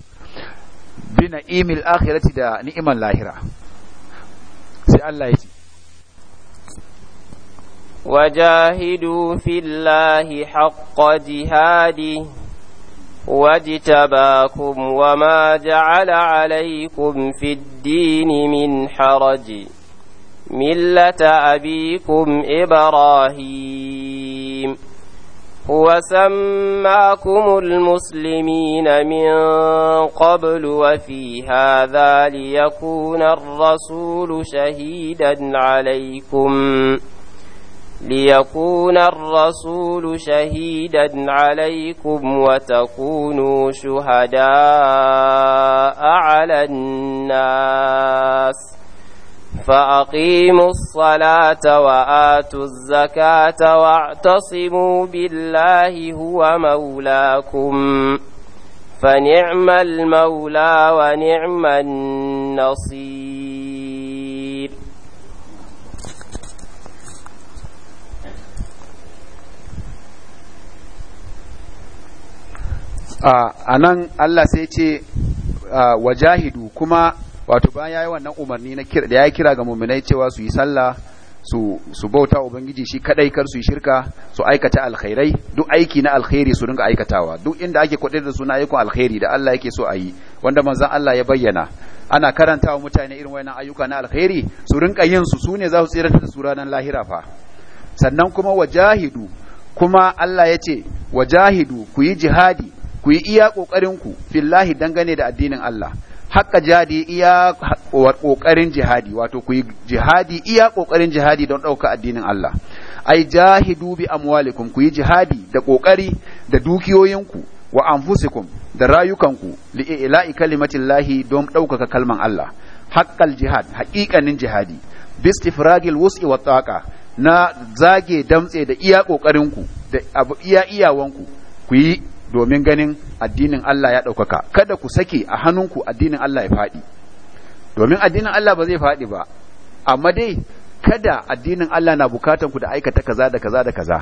Bina imil akhirati da ni'imal lahira sai Allah ya ce وجاهدوا في الله حق جهاده واجتباكم وما جعل عليكم في الدين من حرج ملة أبيكم إبراهيم هو سماكم المسلمين من قبل وفي هذا ليكون الرسول شهيدا عليكم ليكون الرسول شهيدا عليكم وتكونوا شهداء على الناس فأقيموا الصلاة وآتوا الزكاة واعتصموا بالله هو مولاكم فنعم المولى ونعم النصير a nan Allah sai ce wajahidu kuma wato bayan yayi wannan umarni na kira da ya kira ga mu'minai cewa su yi sallah su su bauta ubangiji shi kadai kar su yi shirka su aikata alkhairai duk aiki na alkhairi su dinga aikatawa duk inda ake kwadar da suna ayyukan alkhairi da Allah yake so a yi wanda manzon Allah ya bayyana ana karantawa mutane irin wayannan ayyuka na alkhairi su rinka yin su sune za su tsira da su ranar lahira fa sannan kuma wajahidu kuma Allah yace wajahidu ku yi jihadi ku yi iya kokarin fillahi dangane da addinin Allah haka jihadi iya kokarin jihadi wato ku yi jihadi iya kokarin jihadi don dauka addinin Allah ai jahidu bi amwalikum ku yi jihadi da kokari da dukiyoyinku wa anfusikum da rayukanku li ila'i kalimatillahi don ɗaukaka kalman Allah haqqal jihad haƙiƙanin jihadi bistifragil wus'i wa taqa na zage damtse da iya ku da iya iyawanku ku yi domin ganin addinin Allah ya ɗaukaka kada ku sake a hannunku addinin Allah ya faɗi domin addinin Allah ba zai faɗi ba amma dai kada addinin Allah na bukatan ku da aikata kaza da kaza da kaza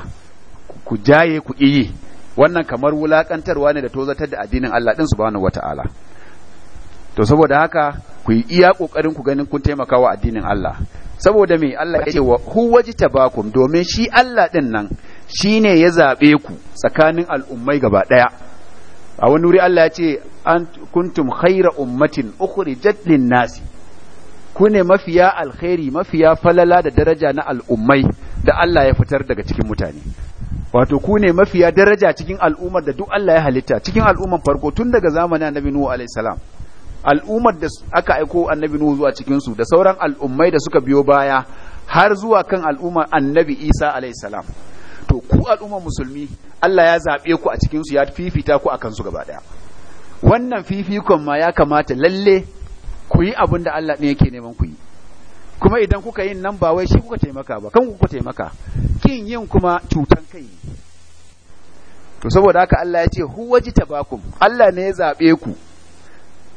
ku jaye ku iyi wannan kamar wulakantarwa ne da tozatar da addinin Allah din wata wataala to saboda haka ku yi iya kokarin ku ganin kun taimaka wa addinin Allah saboda me Allah ya ce wa huwaji tabakum domin shi Allah ɗin nan Shi ne ya zaɓe ku tsakanin al'ummai gaba ɗaya a wani wuri Allah ya ce an kuntum khaira ummatin ukuri jadlin nasi ku ne mafiya alkhairi mafiya falala da daraja na al'ummai da Allah ya fitar daga cikin mutane wato ku ne mafiya daraja cikin al'ummar da duk Allah ya halitta cikin al'ummar farko tun daga zamanin annabi Nuhu alaihi al'ummar da aka aiko annabi Nuhu zuwa cikin da sauran al'ummai da suka biyo baya har zuwa kan al'ummar annabi Isa alaihi to ku al'ummar musulmi Allah ya zaɓe ku a cikin su ya fifita ku akan su gaba daya wannan fifikon ma ya kamata lalle ku yi abin da Allah ne yake neman ku yi kuma idan kuka yin nan ba wai shi kuka taimaka ba kan kuka taimaka kin yin kuma cutan kai ne to saboda haka Allah ya ce huwa jitabakum Allah ne ya zabe ku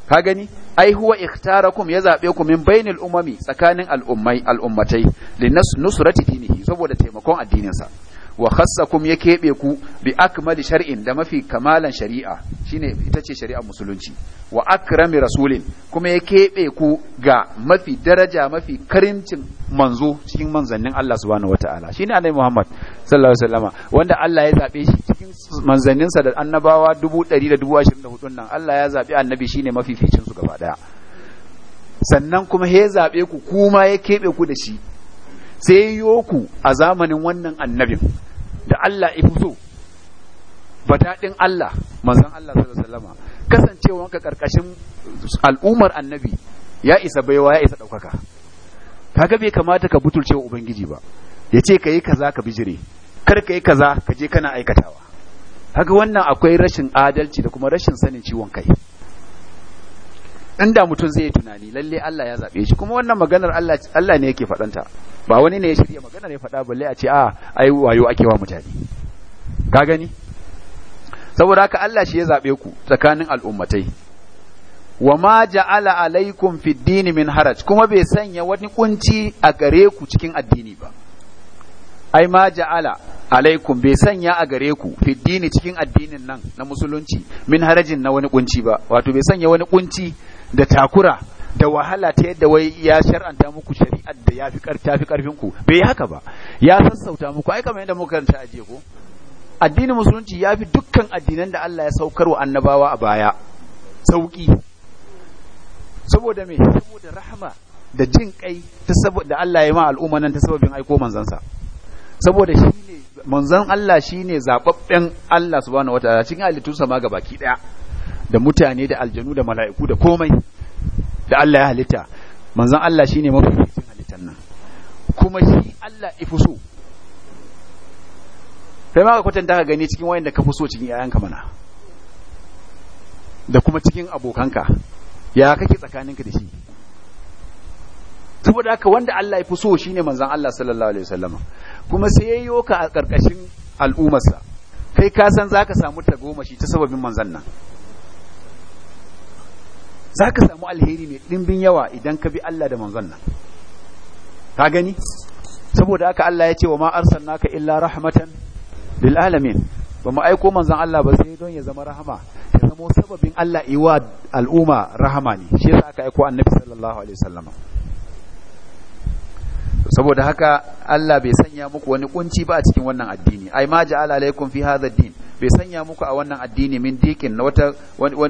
ka gani ai huwa ikhtarakum ya zaɓe ku min bainil umami tsakanin al'ummai al'ummatai linas nusrati dinihi saboda taimakon addinin sa wa khassakum ya keɓe ku bi akmali shar'in da mafi kamalan shari'a shine ita ce shari'ar musulunci wa akrami rasulin kuma ya keɓe ku ga mafi daraja mafi karimcin manzo cikin manzannin Allah subhanahu wataala shine Annabi Muhammad sallallahu alaihi wasallama wanda Allah ya zabe shi cikin manzanninsa da annabawa 124 nan Allah ya zabe annabi shine mafi ficin su gaba daya sannan kuma he zabe ku kuma ya keɓe ku da shi sai yoku a zamanin wannan annabin da Allah ya fito daɗin Allah manzon Allah sallallahu alaihi kasancewa kasancewanka karkashin al'ummar annabi ya isa baiwa ya isa ɗaukaka kaga bai kamata ka butulce wa ubangiji ba ya ce ka yi kaza ka bi jire kar ka yi kaza ka je kana aikatawa haka wannan akwai rashin adalci da kuma rashin sanin ciwon kai inda mutum zai yi tunani lalle Allah ya zaɓe shi kuma wannan maganar Allah ne yake faɗanta ba wani ne ya shirya magana ne faɗa balle a ce a ah, ai wayo ake wa mutane ka gani saboda haka Allah shi ya zabe ku tsakanin al'ummatai wa ma ja'ala alaikum fid dini min haraj kuma bai sanya wani kunci a gare ku cikin addini ba ai ma ja'ala alaikum bai sanya a gare ku fiddini cikin addinin nan na musulunci min harajin na wani kunci ba wato bai sanya wani kunci da takura da wahala ta yadda wai ya shar'anta muku shari'ar da ya fi tafi karfin ku bai haka ba ya sassauta muku ai kamar yadda muka ta aje ko addinin musulunci ya fi dukkan addinan da Allah ya saukar wa annabawa a baya sauki saboda me saboda rahama da jin kai ta saboda Allah ya ma al'umma nan ta sababin aiko manzansa saboda shi ne, manzon Allah shi ne zababben Allah subhanahu wataala cikin halittunsa ma baki daya da mutane da aljanu da mala'iku da komai da Allah ya halitta manzon Allah shine mafificin halittar nan kuma shi Allah ifi so sai ma ka kwatanta ka gani cikin wayanda ka fi so cikin yayanka mana da kuma cikin abokanka ya kake tsakaninka da shi saboda haka wanda Allah ya fi so shine manzon Allah sallallahu alaihi wasallam kuma sai yayyo ka a karkashin al'umarsa kai ka san zaka samu tagomashi ta sababin manzon nan za ka samu alheri mai ɗimbin yawa idan ka bi Allah da manzon nan ka gani saboda aka Allah ya ce wa ma naka illa rahmatan lil alamin ba mu aiko manzon Allah ba sai don ya zama rahama ya zama sababin Allah iwa al'umma rahama ne shi yasa aka aiko annabi sallallahu alaihi wasallam saboda haka Allah bai sanya muku wani kunci ba a cikin wannan addini ai ma ja'ala alaikum fi hadha ad-din bai sanya muku a wannan addini min dikin wata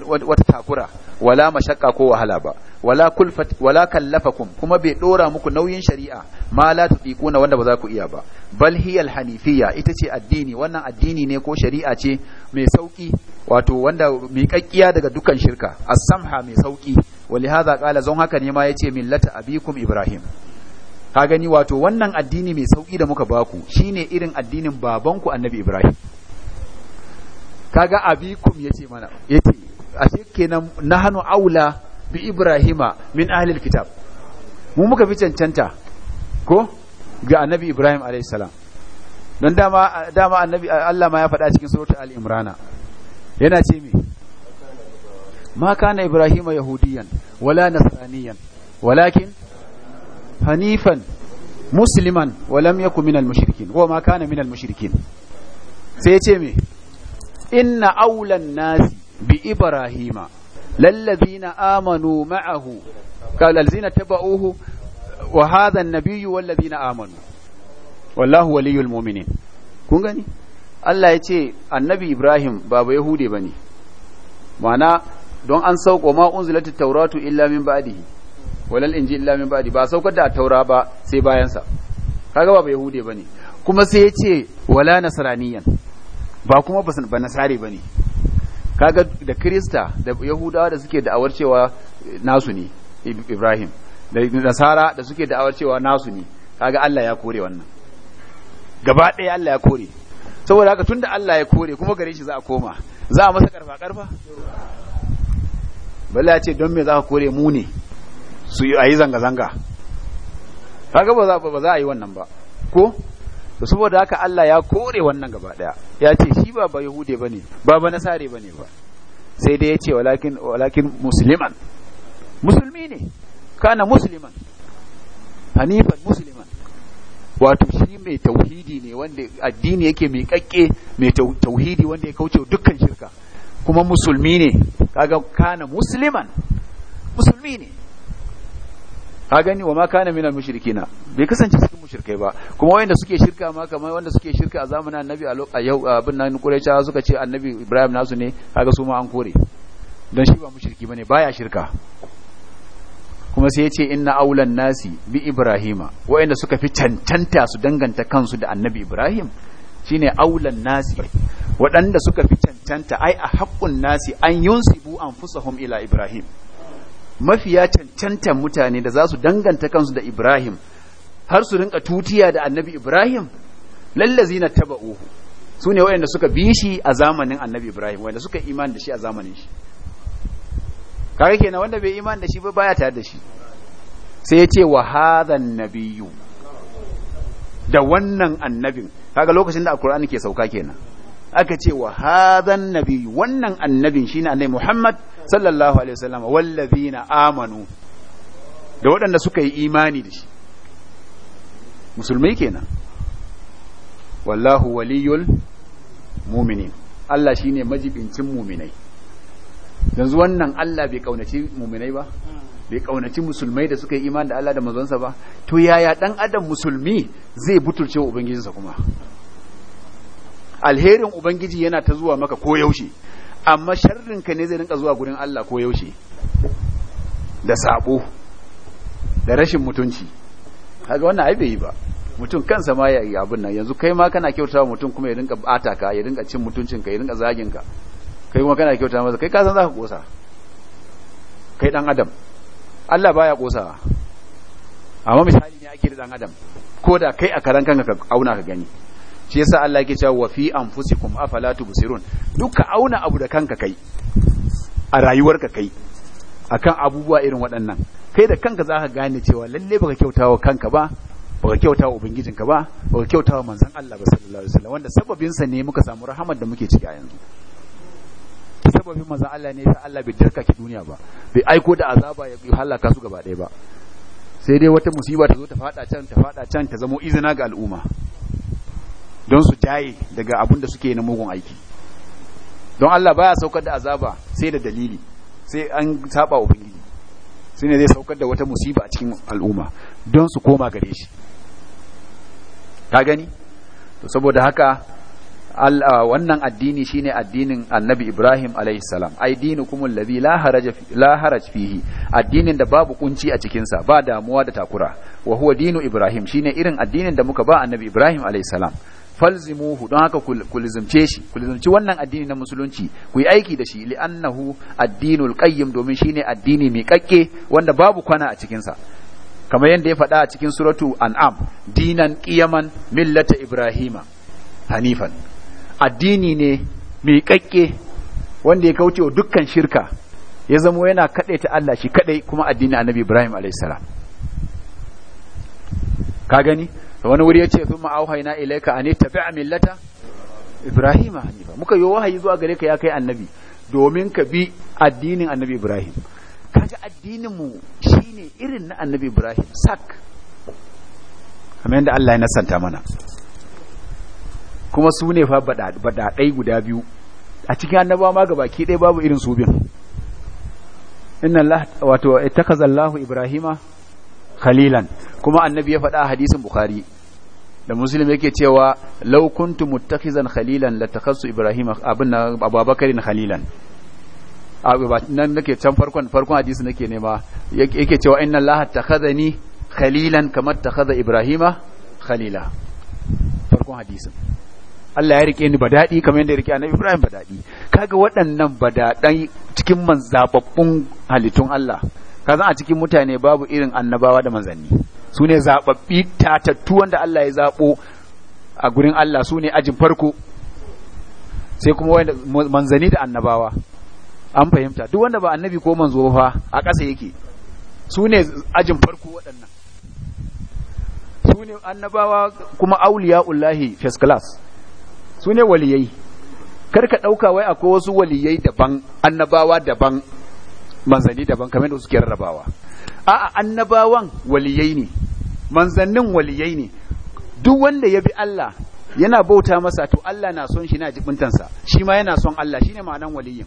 wata takura wala mashakka ko wahala ba wala kulfat wala kallafakum kuma bai dora muku nauyin shari'a ma la tuqiquna wanda ba za ku iya ba bal hiya ita ce addini wannan addini ne ko shari'a ce mai sauki wato wanda miƙaƙƙiya daga dukkan shirka as-samha mai sauki walihaza qala zon haka ne ma yace millata abikum ibrahim ka gani wato wannan addini mai sauki da muka baku shine irin addinin babanku annabi ibrahim kaga abikum yace mana yace ashe kenan nahnu aula bi ibrahima min ahli kitab mu muka fi cancanta ko ga annabi ibrahim alayhi salam don dama dama annabi Allah ma ya faɗa cikin suratul al-imrana yana ce me ma kana ibrahima yahudiyan wala nasraniyan walakin hanifan musliman wa lam yakun minal mushrikin wa ma kana minal mushrikin sai ya ce me inna aulan nasi bi ibrahima lallazina amanu ma'ahu kallazina taba'uhu wa hadha an-nabiyyu wallazina amanu wallahu waliyul mu'minin kun gani Allah ya ce annabi Ibrahim ba ba Yahude ba ne, mana don an sauko ma unzilati tauratu illa min ba'dihi walal inji illa min ba'di ba saukar da taura ba sai bayansa kaga baba Yahude ba ne kuma sai ya ce wala nasraniyan ba kuma ba nasare ba ne kaga da kirista da yahudawa da suke da'awar cewa eh, nasu ne ibrahim da nasara da suke da'awar cewa nasu ne kaga allah ya kore wannan gaba ɗaya allah ya kore saboda haka tun da allah ya kore kuma gare shi za a koma za a masa karfa karfa bala ya ce don me za ka kore mu ne su yi zanga-zanga kaga ba za a yi wannan ba ko to saboda haka Allah ya kore wannan gaba daya ya ce shi ba ba yahude bane ba ba nasare bane ba sai dai ya ce walakin walakin musliman musulmi ne kana musliman hanifan musliman wato shi mai tauhidi ne wanda addini yake mai kakke mai tauhidi wanda ya kauce dukkan shirka kuma musulmi ne kaga kana musliman musulmi ne ka gani wa ma kana minal mushrikina bai kasance cikin mushrikai ba kuma wanda suke shirka ma kamar wanda suke shirka a zamanin annabi a yau abin nan quraisha suka ce annabi ibrahim nasu ne kaga su ma an kore dan shi ba mushriki bane baya shirka kuma sai yace ce inna aulan nasi bi ibrahima wanda suka fi cancanta su danganta kansu da annabi ibrahim shine aulan nasi waɗanda suka fi cancanta ai a haqqun nasi an yunsibu anfusahum ila ibrahim mafiya cancantan mutane da za su danganta kansu da Ibrahim har su rinka tutiya da annabi Ibrahim lallazi na taba uhu su ne wayanda suka bi shi a zamanin annabi Ibrahim wayanda suka iman da shi a zamanin shi kaga kenan wanda bai iman da shi ba baya tare da shi sai ya ce wa hadhan nabiyyu da wannan annabin kaga lokacin da alqur'ani ke sauka kenan aka ce wa hadhan nabiyyu wannan annabin shine annabi Muhammad sallallahu alaihi wasallam wallazina amanu da waɗanda suka yi imani da shi musulmai kenan wallahu waliyul mu'minin Allah shine majibincin mu'minai yanzu wannan Allah bai kaunaci mu'minai ba bai kaunaci musulmai da suka yi imani da Allah da manzonsa ba to yaya dan adam musulmi zai butulce wa ubangijinsa kuma alherin ubangiji yana ta zuwa maka ko yaushe amma sharrinka ne zai rinka zuwa gurin Allah ko yaushe da sabo da rashin mutunci kaga wannan ai bai yi ba mutum kansa ma ya yi abin nan yanzu kai ma kana kyautawa mutum kuma ya rinka bata ka ya rinka cin mutuncin ka ya rinka zagin ka kai kuma kana kyauta masa kai ka san zaka kosa kai dan adam Allah baya kosa amma misali ne ake da dan adam ko da kai a karan kanka ka auna ka gani shi yasa Allah yake cewa wa fi anfusikum afala tubsirun duka auna abu da kanka kai a rayuwarka kai akan abubuwa irin waɗannan kai da kanka zaka gane cewa lalle baka kyautawa kanka ba baka kyautawa ubangijinka ba baka kyautawa manzon Allah ba sallallahu alaihi wasallam wanda sababin sa ne muka samu rahamar da muke ciki a yanzu sababin manzon Allah ne sa Allah bai darka ki duniya ba bai aiko da azaba ya halaka su gaba ɗaya ba sai dai wata musiba ta zo ta fada can ta fada can ta zamo izina ga al'umma don su jaye daga abin da suke na mugun aiki don Allah baya saukar da azaba sai da dalili sai an saba ubangiji sai ne zai saukar da wata musiba a cikin al'umma don su koma gare shi ka gani to saboda haka wannan addini shine addinin annabi ibrahim alaihissalam ai dinukum kuma la haraja la haraj fihi addinin da babu kunci a cikinsa ba damuwa da takura wa huwa dinu ibrahim shine irin addinin da muka ba annabi ibrahim alaihissalam falzimuhu don haka ku lizumce shi ku lizumci wannan addini na musulunci ku yi aiki da shi li'annahu addinul qayyim domin shine addini mai kakke wanda babu kwana a cikinsa. kamar yadda ya faɗa a cikin suratu an'am dinan qiyaman millata ibrahima hanifan addini ne mai kakke wanda ya kauce wa dukkan shirka ya zamo yana ta Allah shi kadai kuma addinin annabi ibrahim alayhi ka gani wani wuri ya ce sun ma'auhaina ilaika a ne tafi a millata ibrahim hanifa muka yi wahayi zuwa gare ka ya kai annabi domin ka bi addinin annabi ibrahim kaga addininmu shine irin na annabi ibrahim sak kamar yadda allah ya nasanta mana kuma su ne fa baɗaɗai guda biyu a cikin annabawa ma ga baki ɗaya babu irin su bin. inna allah wato ittakaza ibrahima khalilan kuma annabi ya faɗa hadisin bukhari da muslim yake cewa law kuntu muttakhizan khalilan latakhassu ibrahim abin na abubakarin khalilan abu ba nan nake can farkon farkon hadisi nake nema yake cewa inna allah takhazani khalilan kamar takhaza ibrahima khalila farkon hadisin Allah ya rike ni badadi kamar yadda ya rike annabi Ibrahim badadi kaga waɗannan badadai cikin manzababbun halittun Allah kaza a cikin mutane babu irin annabawa da manzanni su ne zaɓaɓɓi tatattu wanda Allah ya zaɓo a gurin Allah su ne ajin farko sai kuma manzani da annabawa an fahimta duk wanda ba annabi ko manzo fa a ƙasa yake su ne ajin farko waɗannan su ne annabawa kuma ullahi first class su ne waliyai karka ɗauka wai akwai wasu waliyai daban annabawa daban manzani daban kamar da suke rarrabawa a'a annabawan waliyai ne manzannin waliyai ne duk wanda ya bi Allah yana bauta masa to Allah na son shi na jibintansa shi ma yana son Allah shine ma'anan waliyin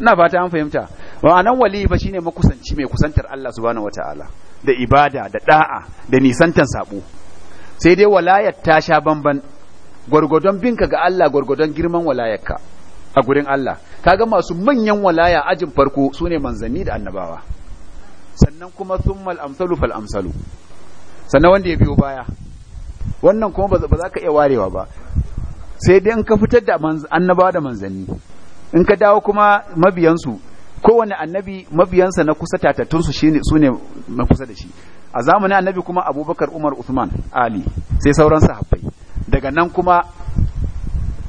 ina fata an fahimta ma'anan waliyi ba shine makusanci mai kusantar Allah subhanahu wataala da ibada da da'a da nisantan sabo sai dai walayat ta sha banban gwargwadon binka ga Allah gwargwadon girman walayarka a gurin Allah ga masu manyan walaya ajin farko sune manzanni da annabawa sannan kuma summal amsalu fal amsalu sannan wanda ya biyo baya wannan kuma ba za ka iya warewa ba sai dai in ka fitar da annaba da manzanni in ka dawo kuma mabiyansu kowane annabi mabiyansa na kusa tatattunsu shine su na kusa da shi a zamanin annabi kuma abubakar umar usman ali sai sauran sahabbai daga nan kuma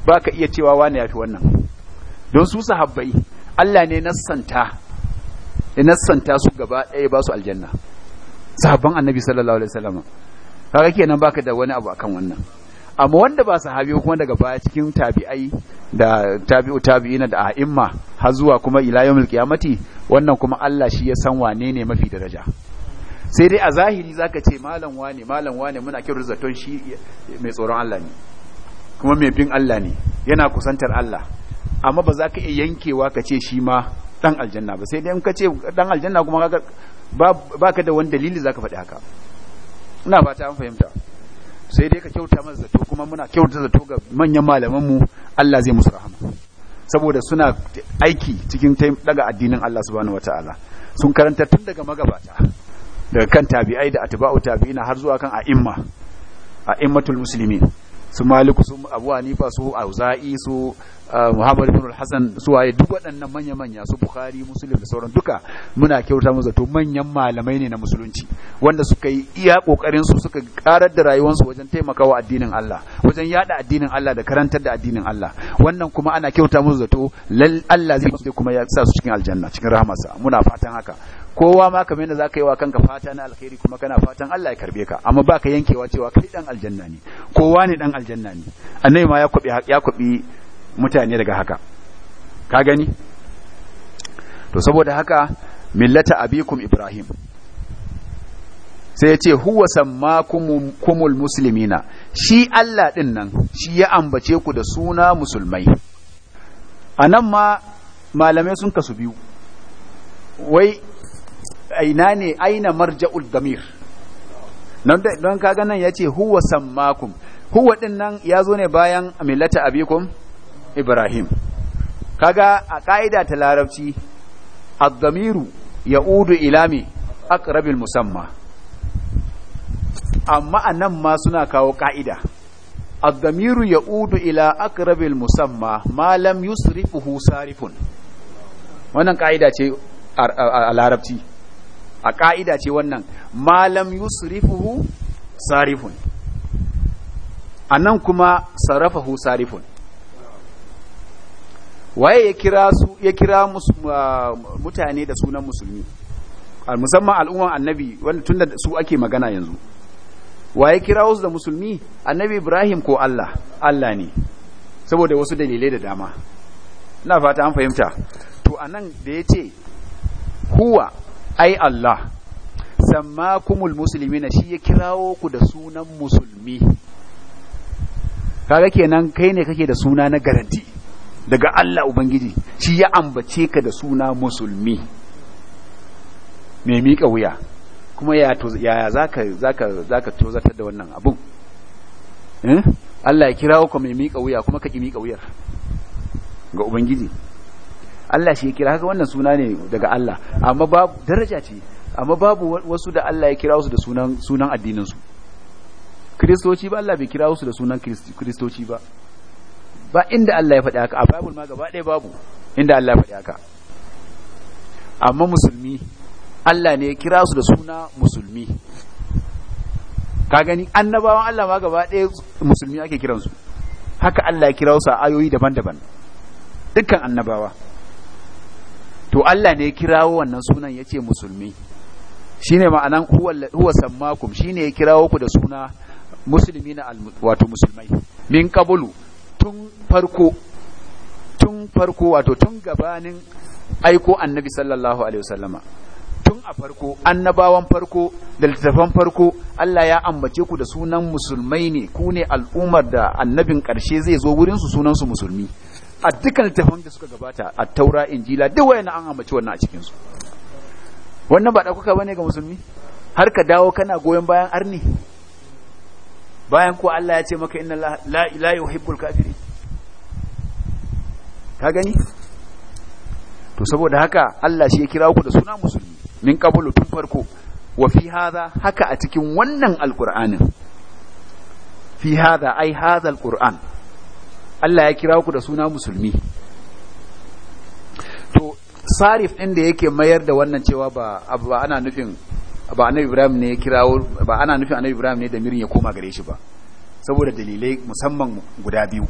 ba ka iya cewa wani ya fi wannan don su sahabbai allah ne na santa. inassanta su gaba ɗaya ba su aljanna sahabban annabi sallallahu alaihi wasallam kaga kenan baka da wani abu akan wannan amma wanda ba sahabi kuma daga baya cikin tabi'ai da tabi'u tabi'ina da a'imma har zuwa kuma ila yawmil qiyamati wannan kuma Allah shi ya san wane ne mafi daraja sai dai a zahiri zaka ce malam wane malam wane muna kiran zaton shi mai tsoron Allah ne kuma mai bin Allah ne yana kusantar Allah amma ba za ka iya yankewa ka ce shi ma dan aljanna ba sai dai in ka ce dan aljanna kuma ka ba ka da wani dalili zaka faɗi haka ina fata an fahimta sai dai ka kyauta masa zato kuma muna kyauta zato ga manyan malaman mu Allah zai musu rahama saboda suna aiki cikin daga addinin Allah subhanahu wataala sun karanta tun daga magabata daga kan tabi'ai da atba'u tabi'ina har zuwa kan a'imma a'immatul muslimin su maliku su abu hanifa su auza'i su uh, muhammad ibn al-hasan su waye duk waɗannan manya manya su bukhari muslim da sauran duka muna kyauta musu to manyan malamai ne na musulunci wanda suka yi iya kokarin su suka karar da rayuwansu wajen taimakawa addinin Allah wajen yada addinin Allah da karantar da addinin Allah wannan kuma ana kyauta musu zato lal Allah zai kuma ya sa su cikin aljanna cikin rahmarsa muna fatan haka kowa ma kamar yadda zaka yi wa kanka fata na alkhairi kuma kana fatan Allah ya karbe ka amma baka yankewa cewa kai dan aljanna ne kowa ne dan aljanna ne annabi ma ya kubi ya kubi mutane daga haka ka gani to saboda haka millata abikum ibrahim sai ya ce huwa sammakum kumul muslimina shi Allah din nan shi ya ambace ku da suna musulmai anan ma malamai sun kasu biyu wai aina ne aina marja'ul damir don kaga nan yace huwa sammakum huwa din nan ya zo ne bayan milata abikum ibrahim kaga a ka'ida ta larabci ad-damiru ya'udu ila mi aqrabil musamma amma anan ma suna kawo ka'ida ad-damiru ya'udu ila aqrabil musamma ma lam yusrifuhu sarifun wannan ka'ida ce a larabci a ƙa'ida ce wannan malam yusrifuhu sarifun a nan kuma sarrafahu sarifun waye ya kira su ah, mutane da sunan musulmi musamman al'umman annabi wanda tun da su ake magana yanzu waye kira wasu da musulmi annabi ibrahim ko allah allah ne saboda wasu dalilai da dama na fata an fahimta to anan da ya ce huwa ai Allah musulmi na shi ya kirawo ku da sunan musulmi kaga kenan kai ne kake da suna na garanti daga Allah ubangiji shi ya ambace ka da suna musulmi mai miƙa wuya kuma yaya za ka tozatar da wannan abun eh? Allah ya kirawo ka mai miƙa wuya kuma ka ƙi miƙa wuyar ga ubangiji Allah shi ya kira haka wannan suna ne daga Allah amma babu daraja ce amma babu wasu da Allah ya kira su da sunan sunan addinin su kristoci ba Allah bai kira su da sunan kristoci ba ba inda Allah ya faɗi haka a bible ma gaba ɗaya babu inda Allah ya faɗi haka amma musulmi Allah ne ya kira su da suna musulmi ka gani annabawan Allah ma gaba ɗaya musulmi ake kiransu haka Allah ya kira su a ayoyi daban-daban dukkan annabawa to Allah ne ya kirawo wannan sunan ya ce musulmi shine ma'anan huwa sammakum ne ya kirawo ku da suna musulmi na wato musulmai min kabulu tun farko tun farko wato tun gabanin aiko annabi sallallahu alaihi wasallama tun a farko annabawan farko da littattafan farko Allah ya ambace ku da sunan musulmai ne ku ne al'ummar da annabin ƙarshe zai zo wurinsu su sunan su musulmi a dukkan littafin da suka gabata a taura injila duk wayan an ambaci wannan a cikinsu wannan ba ɗaukaka ba ne ga musulmi har ka dawo kana goyon bayan arni bayan ko Allah ya ce maka inna la illa huwal kafirin ka gani to saboda haka Allah shi ya kira ku da suna musulmi min qablu tun farko wa fi hadha haka a cikin wannan alqur'anin fi hadha ai hadha alqur'an Allah ya kira ku da suna musulmi to sarif ɗin da yake mayar da wannan cewa ba ana nufin ba annabi ibrahim ne ya kirawo ba ana nufin annabi ibrahim ne da mirin ya koma gare shi ba saboda dalilai musamman guda biyu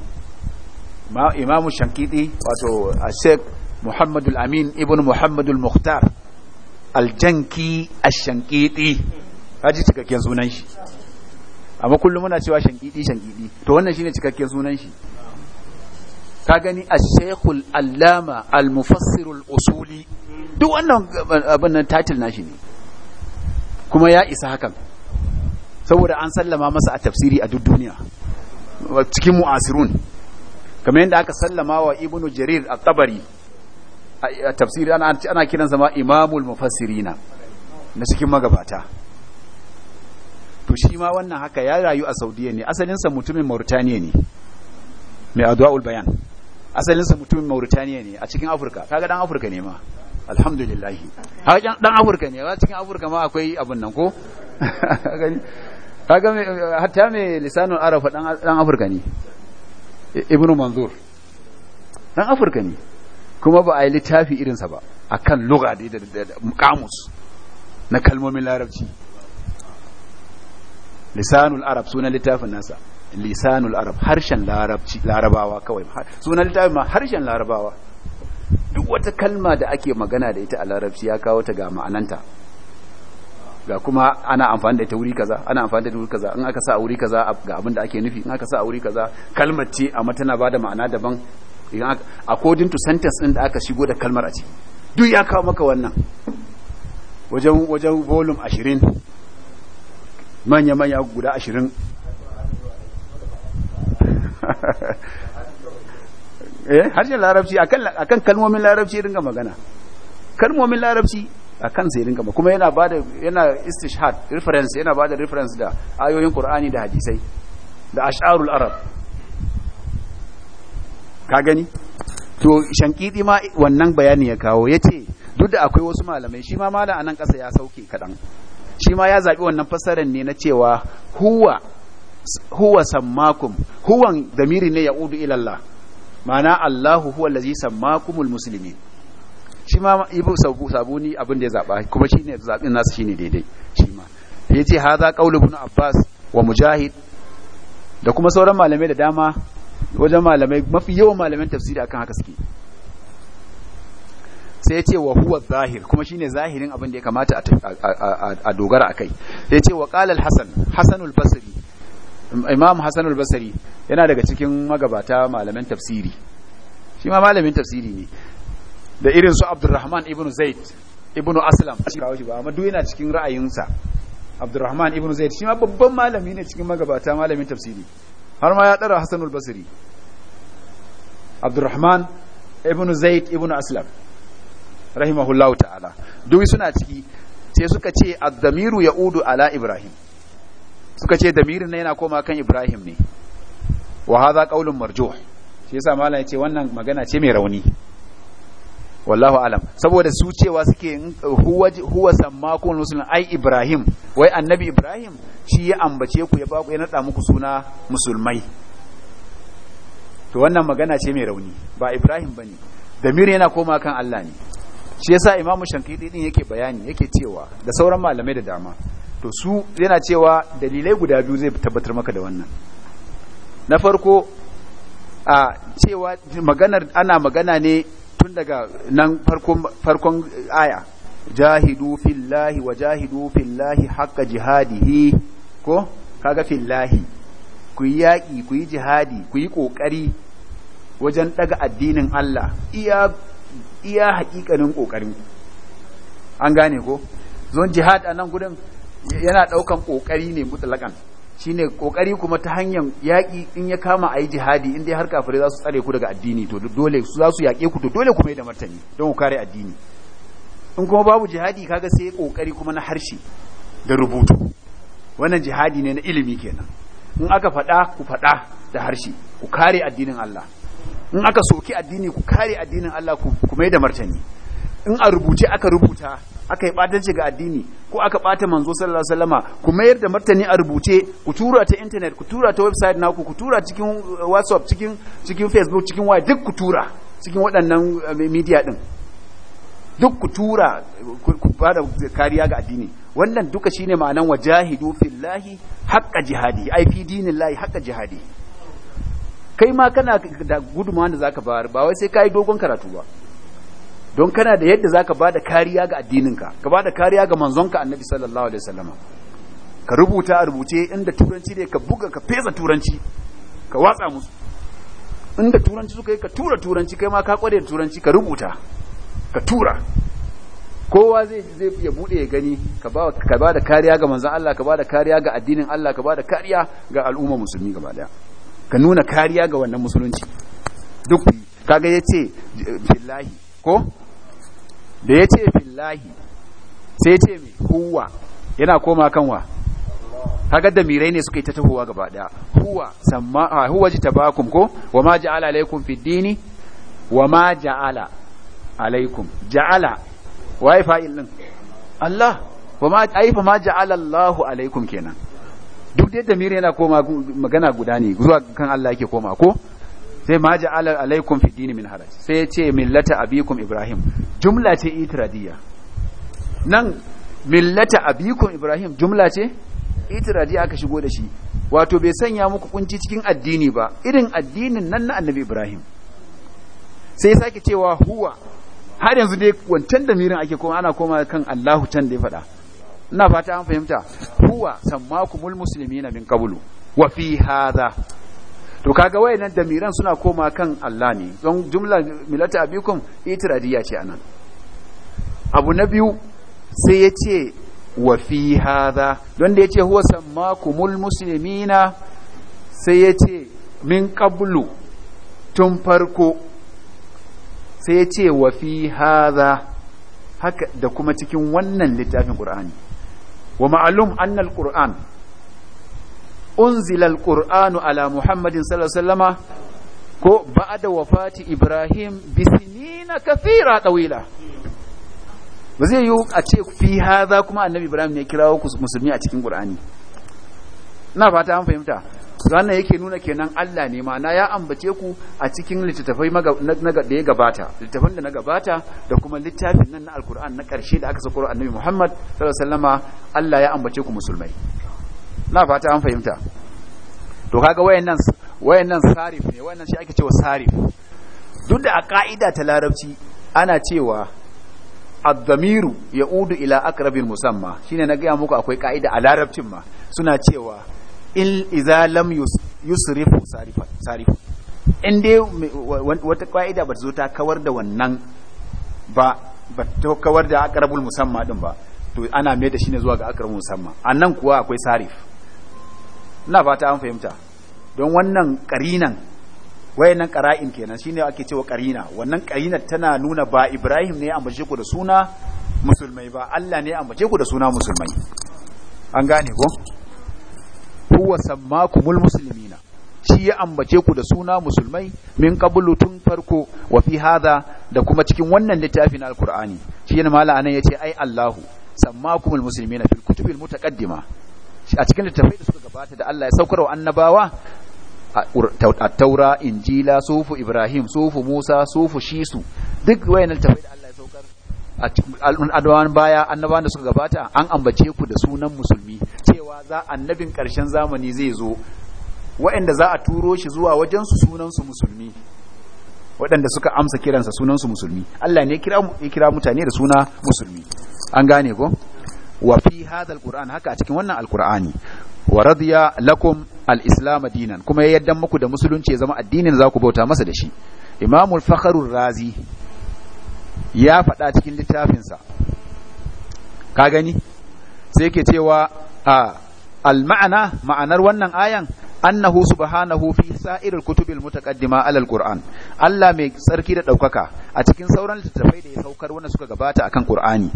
imamu shankidi wato a sheikh Muhammadu amin ibn Muhammadu muhtar aljanki a shankidi haji cikakken sunan shi amma kullum muna cewa shankidi shankidi to wannan shine cikakken sunan shi ka gani a shekul allama al-mufassirul usuli duk wannan abin nan title shi ne kuma ya isa hakan saboda an sallama masa a tafsiri a duk duniya cikin mu'asirun kamar yadda aka sallama wa ibnu jarir a tabari a tafsiri ana kiran kiransa ma imamul mufassirina na cikin magabata to shi ma wannan haka ya rayu a Saudiya ne asalinsa mutumin Mauritania ne mai addu'a'ul bayan asalinsa mutumin Mauritania ne a cikin Afirka kaga dan Afirka ne ma alhamdulillah kaga dan Afirka ne a cikin Afirka ma akwai abun nan ko kaga hatta me lisanul arafa dan dan Afirka ne ibnu manzur dan Afirka ne kuma ba a yi littafi irinsa ba akan lugha da kamus na kalmomin larabci lisanul arab sunan littafin nasa lisanul arab harshen larabci larabawa kawai sunan littafin ma harshen larabawa duk wata kalma da ake magana da ita a larabci ya kawo ta ga ma'ananta ga kuma ana amfani da ita wuri kaza ana amfani da ita wuri kaza in aka sa a wuri kaza ga abin da ake nufi in aka sa a wuri kaza kalmar ce amma tana bada ma'ana daban idan according to sentence din da aka shigo da kalmar a ce duk ya kawo maka wannan wajen wajen volume 20 manya manya guda 20 eh harshen larabci akan kalmomin larabci ringa magana kalmomin larabci a sai dinga ringa kuma yana bada yana istishhad reference yana bada reference da ayoyin qur'ani da hadisai da ash'arul arab ka gani to shankidi ma wannan bayani ya kawo yace duk da akwai wasu malamai shi ma malam anan kasa ya sauke kadan shi ma ya zabi wannan fassarar ne na cewa huwa huwa sammakum huwan damiri ne ya udu ilallah ma'ana allahu huwa lazi sammakumul musulmi shi ma ibu sabuni abin da ya zaɓa kuma shi ne zaɓin nasu shi ne daidai shi ma ya ce haza ƙaulu ibn abbas wa mujahid da kuma sauran malamai da dama wajen malamai mafi yawan malaman tafsiri akan haka suke sai ya ce wa huwa zahir kuma shine zahirin abin da ya kamata a dogara akai sai ya ce wa ƙalal al-hasan hasan hasanul basiri imam hassan al-basri yana daga cikin magabata malamin tafsiri shi ma malamin tafsiri ne da irin su abdurrahman ibn zaid ibn aslam shi kawo shi ba amma duk yana cikin ra'ayinsa abdurrahman ibn zaid shi ma babban malami ne cikin magabata malamin tafsiri har ma ya dara hassan al-basri abdurrahman ibn zaid ibn aslam rahimahullahu ta'ala duk suna ciki sai suka ce ad-damiru ya'udu ala ibrahim suka ce damirin na yana koma kan ibrahim ne wa hadha qaulun marjuh shi yasa ya ce wannan magana ce mai rauni wallahu alam saboda su cewa suke huwa huwa sammakun musulun ai ibrahim wai annabi ibrahim shi ya ambace ku ya baku ya nada muku suna musulmai to wannan magana ce mai rauni ba ibrahim bane damir yana koma kan Allah ne shi yasa imamu shankidi din yake bayani yake cewa da sauran malamai da dama to su yana cewa dalilai guda biyu zai tabbatar maka da wannan na farko a cewa maganar ana magana ne tun daga nan farkon aya jahidu fillahi wa jahidu fillahi haqqa jihadihi ko kaga fillahi ku yi yaƙi ku yi jihadi ku yi ƙoƙari wajen ɗaga addinin Allah iya iya haƙiƙanin ƙoƙarin an gane ko zon jihad a nan gudun yana daukan kokari ne mutlakan shine kokari kuma ta hanyar yaki in ya kama ayi jihadi in dai har kafirai za su tsare ku daga addini to dole su za su yake ku to dole ku da martani don ku kare addini in kuma babu jihadi kaga sai kokari kuma na harshe da rubutu wannan jihadi ne na ilimi kenan in aka faɗa ku faɗa da harshe ku kare addinin Allah in aka soki addini ku kare addinin Allah ku kuma da martani in a rubuce aka rubuta aka yi ɓatanci ga addini ko aka ɓata manzo sallallahu alaihi wasallama ku mayar da martani a rubuce ku tura ta internet ku tura ta website naku ku tura cikin uh, whatsapp cikin cikin facebook cikin waya duk ku tura cikin waɗannan uh, media din duk ku tura ku bada kariya ga addini wannan duka shine ma'anan wajahidu fillahi haqqa jihadi ai fi dinillahi haqqa jihadi kai ma kana da guduma da zaka bayar ba wai sai kai dogon karatu ba don kana da yadda zaka bada kariya ga addininka ka bada kariya ga manzonka annabi sallallahu alaihi wasallam ka rubuta a rubuce inda turanci ne ka buga ka fesa turanci ka watsa musu inda turanci suka yi ka tura turanci kai ma ka kware da turanci ka rubuta ka tura kowa zai zai ya bude ya gani ka ba ka bada kariya ga manzon Allah ka bada kariya ga addinin Allah ka bada kariya ga al'umma musulmi gaba daya ka nuna kariya ga wannan musulunci duk kaga yace billahi ko da ya ce fillahi sai ce mai huwa yana koma kanwa kaga da mirai ne suka yi ta tahowa gaba daya huwa samma huwa jitabakum ko ma ja'ala alaikum fiddini Wa ma ja'ala alaikum ja'ala Wa yi fa'il nan. Allah wama aifa ma ja'ala Allahu alaikum kenan duk da yadda mirai yana koma magana guda ne zuwa kan Allah yake koma ko sai ma ja'ala alaikum fi dini min haraj sai ya ce millata abikum ibrahim jumla ce itradiya nan millata abikum ibrahim jumla ce itradiya aka shigo da shi wato bai sanya muku kunci cikin addini ba irin addinin nan na annabi ibrahim sai sake cewa huwa har yanzu dai wancan da mirin ake koma ana koma kan Allahu can da ya faɗa ina fata an fahimta huwa sammakumul muslimina min qablu wa fi hadha to kaga wayannan damiran suna koma kan Allah ne don jumla milata abikum itradiya ce anan abu na biyu sai yace ce wa fi hadha don da yace ce huwa sammakumul muslimina sai ya min qablu tun farko sai ya ce wa fi hadha haka da kuma cikin wannan littafin qur'ani wa ma'lum annal qur'an unzila alqur'anu ala muhammadin sallallahu alaihi wasallama ko ba'da wafati ibrahim bisinina kathira tawila ba zai yi a ce fi haza kuma annabi ibrahim ne kirawo musulmi a cikin qur'ani na fata an fahimta wannan yake nuna kenan Allah ne ma na ya ambace ku a cikin littattafai da ya gabata littattafan da na gabata da kuma littafin nan na alkur'an na karshe da aka sakuro annabi Muhammad sallallahu alaihi wasallama Allah ya ambace ku musulmai na fata an fahimta to kaga wayannan wayannan sarif ne wayannan shi ake cewa sarif duk da a ka'ida ta larabci ana cewa ad-damiru ya'udu ila aqrabil musamma shine na gaya muku akwai ka'ida a larabcin ma suna cewa il idza lam yusrifu sarif in dai wata ka'ida ba zo ta kawar da wannan ba ba ta kawar da aqrabul musamma din ba to ana mai da shine zuwa ga aqrabul musamma annan kuwa akwai sarif ina fata an fahimta don wannan karinan nan qara'in kenan shine ake cewa karina wannan karina tana nuna ba Ibrahim ne ambace ku da suna musulmai ba Allah ne ambace ku da suna musulmai an gane ko huwa sammakumul muslimina shi ya ambace ku da suna musulmai min qablu tun farko wa fi hadha da kuma cikin wannan littafin alqur'ani shi ne mala'anan anan yace ai Allahu sammakumul muslimina fil kutubil mutaqaddima a cikin littafai da suka gabata da Allah ya saukar wa annabawa a taura injila sufu ibrahim sufu musa sufu shisu duk wayannan littafai da Allah ya saukar a cikin adawan baya annabawan da suka gabata an ambace ku da sunan musulmi cewa za annabin karshen zamani zai zo waɗanda za a turo shi zuwa wajen su sunan su musulmi waɗanda suka amsa kiransa sunan su musulmi Allah ne ya kira mutane da suna musulmi an gane ko wa fi hadha alquran haka a cikin wannan alqurani wa radiya lakum al-islam dinan kuma ya yaddan muku da musulunci ya zama addinin zaku bauta masa da shi imamul fakhrur razi ya faɗa cikin littafinsa ka gani sai yake cewa a almaana ma'anar wannan ayan annahu subhanahu fi sa'iril kutubil mutaqaddima alal qur'an Allah mai tsarki da daukaka a cikin sauran littattafai da ya saukar wanda suka gabata akan qur'ani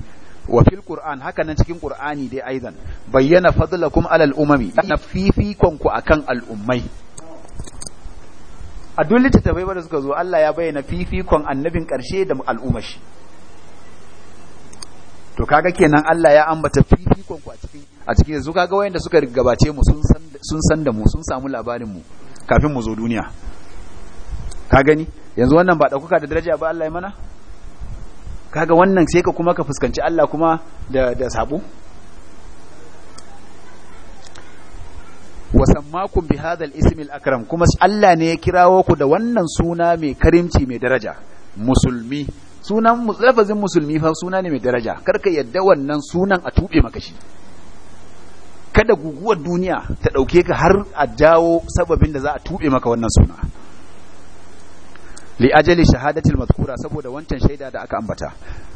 wa fil qur'an haka nan cikin qur'ani dai aidan bayyana fadlakum alal umami na fifikon ku akan al'ummai a duk littattafai da suka zo Allah ya bayyana fifikon annabin karshe da al'umashi to kaga kenan Allah ya ambata fifikon ku a cikin a cikin su kaga wayanda suka gabace mu sun san sun san da mu sun samu labarin mu kafin mu zo duniya ka gani yanzu wannan ba dauka da daraja ba Allah ya mana kaga wannan sai ka kuma ka fuskanci Allah kuma da da sabo wasammakum bi hadha ismil akram kuma Allah ne ya kirawo ku da wannan suna mai karimci mai daraja musulmi sunan lafazin musulmi fa suna ne mai daraja karka yadda wannan sunan a tube maka shi kada guguwar duniya ta dauke ka har a jawo sababin da za a tube maka wannan suna li ajali shahadatul mazkura saboda wancan shaida da aka ambata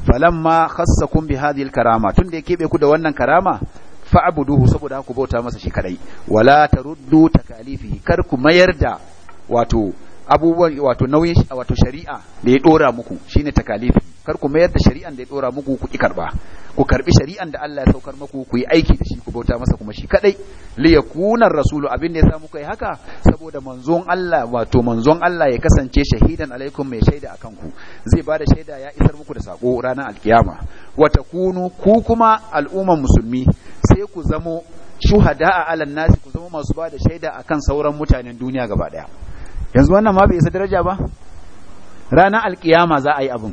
falamma khassakum bi hadhihi al karama tunda ya keɓe ku da wannan karama fa'buduhu saboda ku bauta masa shi kadai wala taruddu takalifihi kar ku mayar da wato abubuwan wato nauyin wato shari'a da ya dora muku shine takalifi kar ku mayar da shari'an da ya dora muku ku ki karba ku karbi shari'an da Allah ya saukar muku ku yi aiki da shi ku bauta masa kuma shi kadai li yakuna rasulu abin da ya samu kai haka saboda manzon Allah wato manzon Allah ya kasance shahidan alaikum mai shaida akan ku zai bada shaida ya isar muku da sako ranar alkiyama wata takunu ku kuma al'ummar musulmi sai ku zamo a alan nasi ku zama masu bada shaida akan sauran mutanen duniya gaba daya yanzu wannan ma bai isa daraja ba ranar alkiyama za a yi abin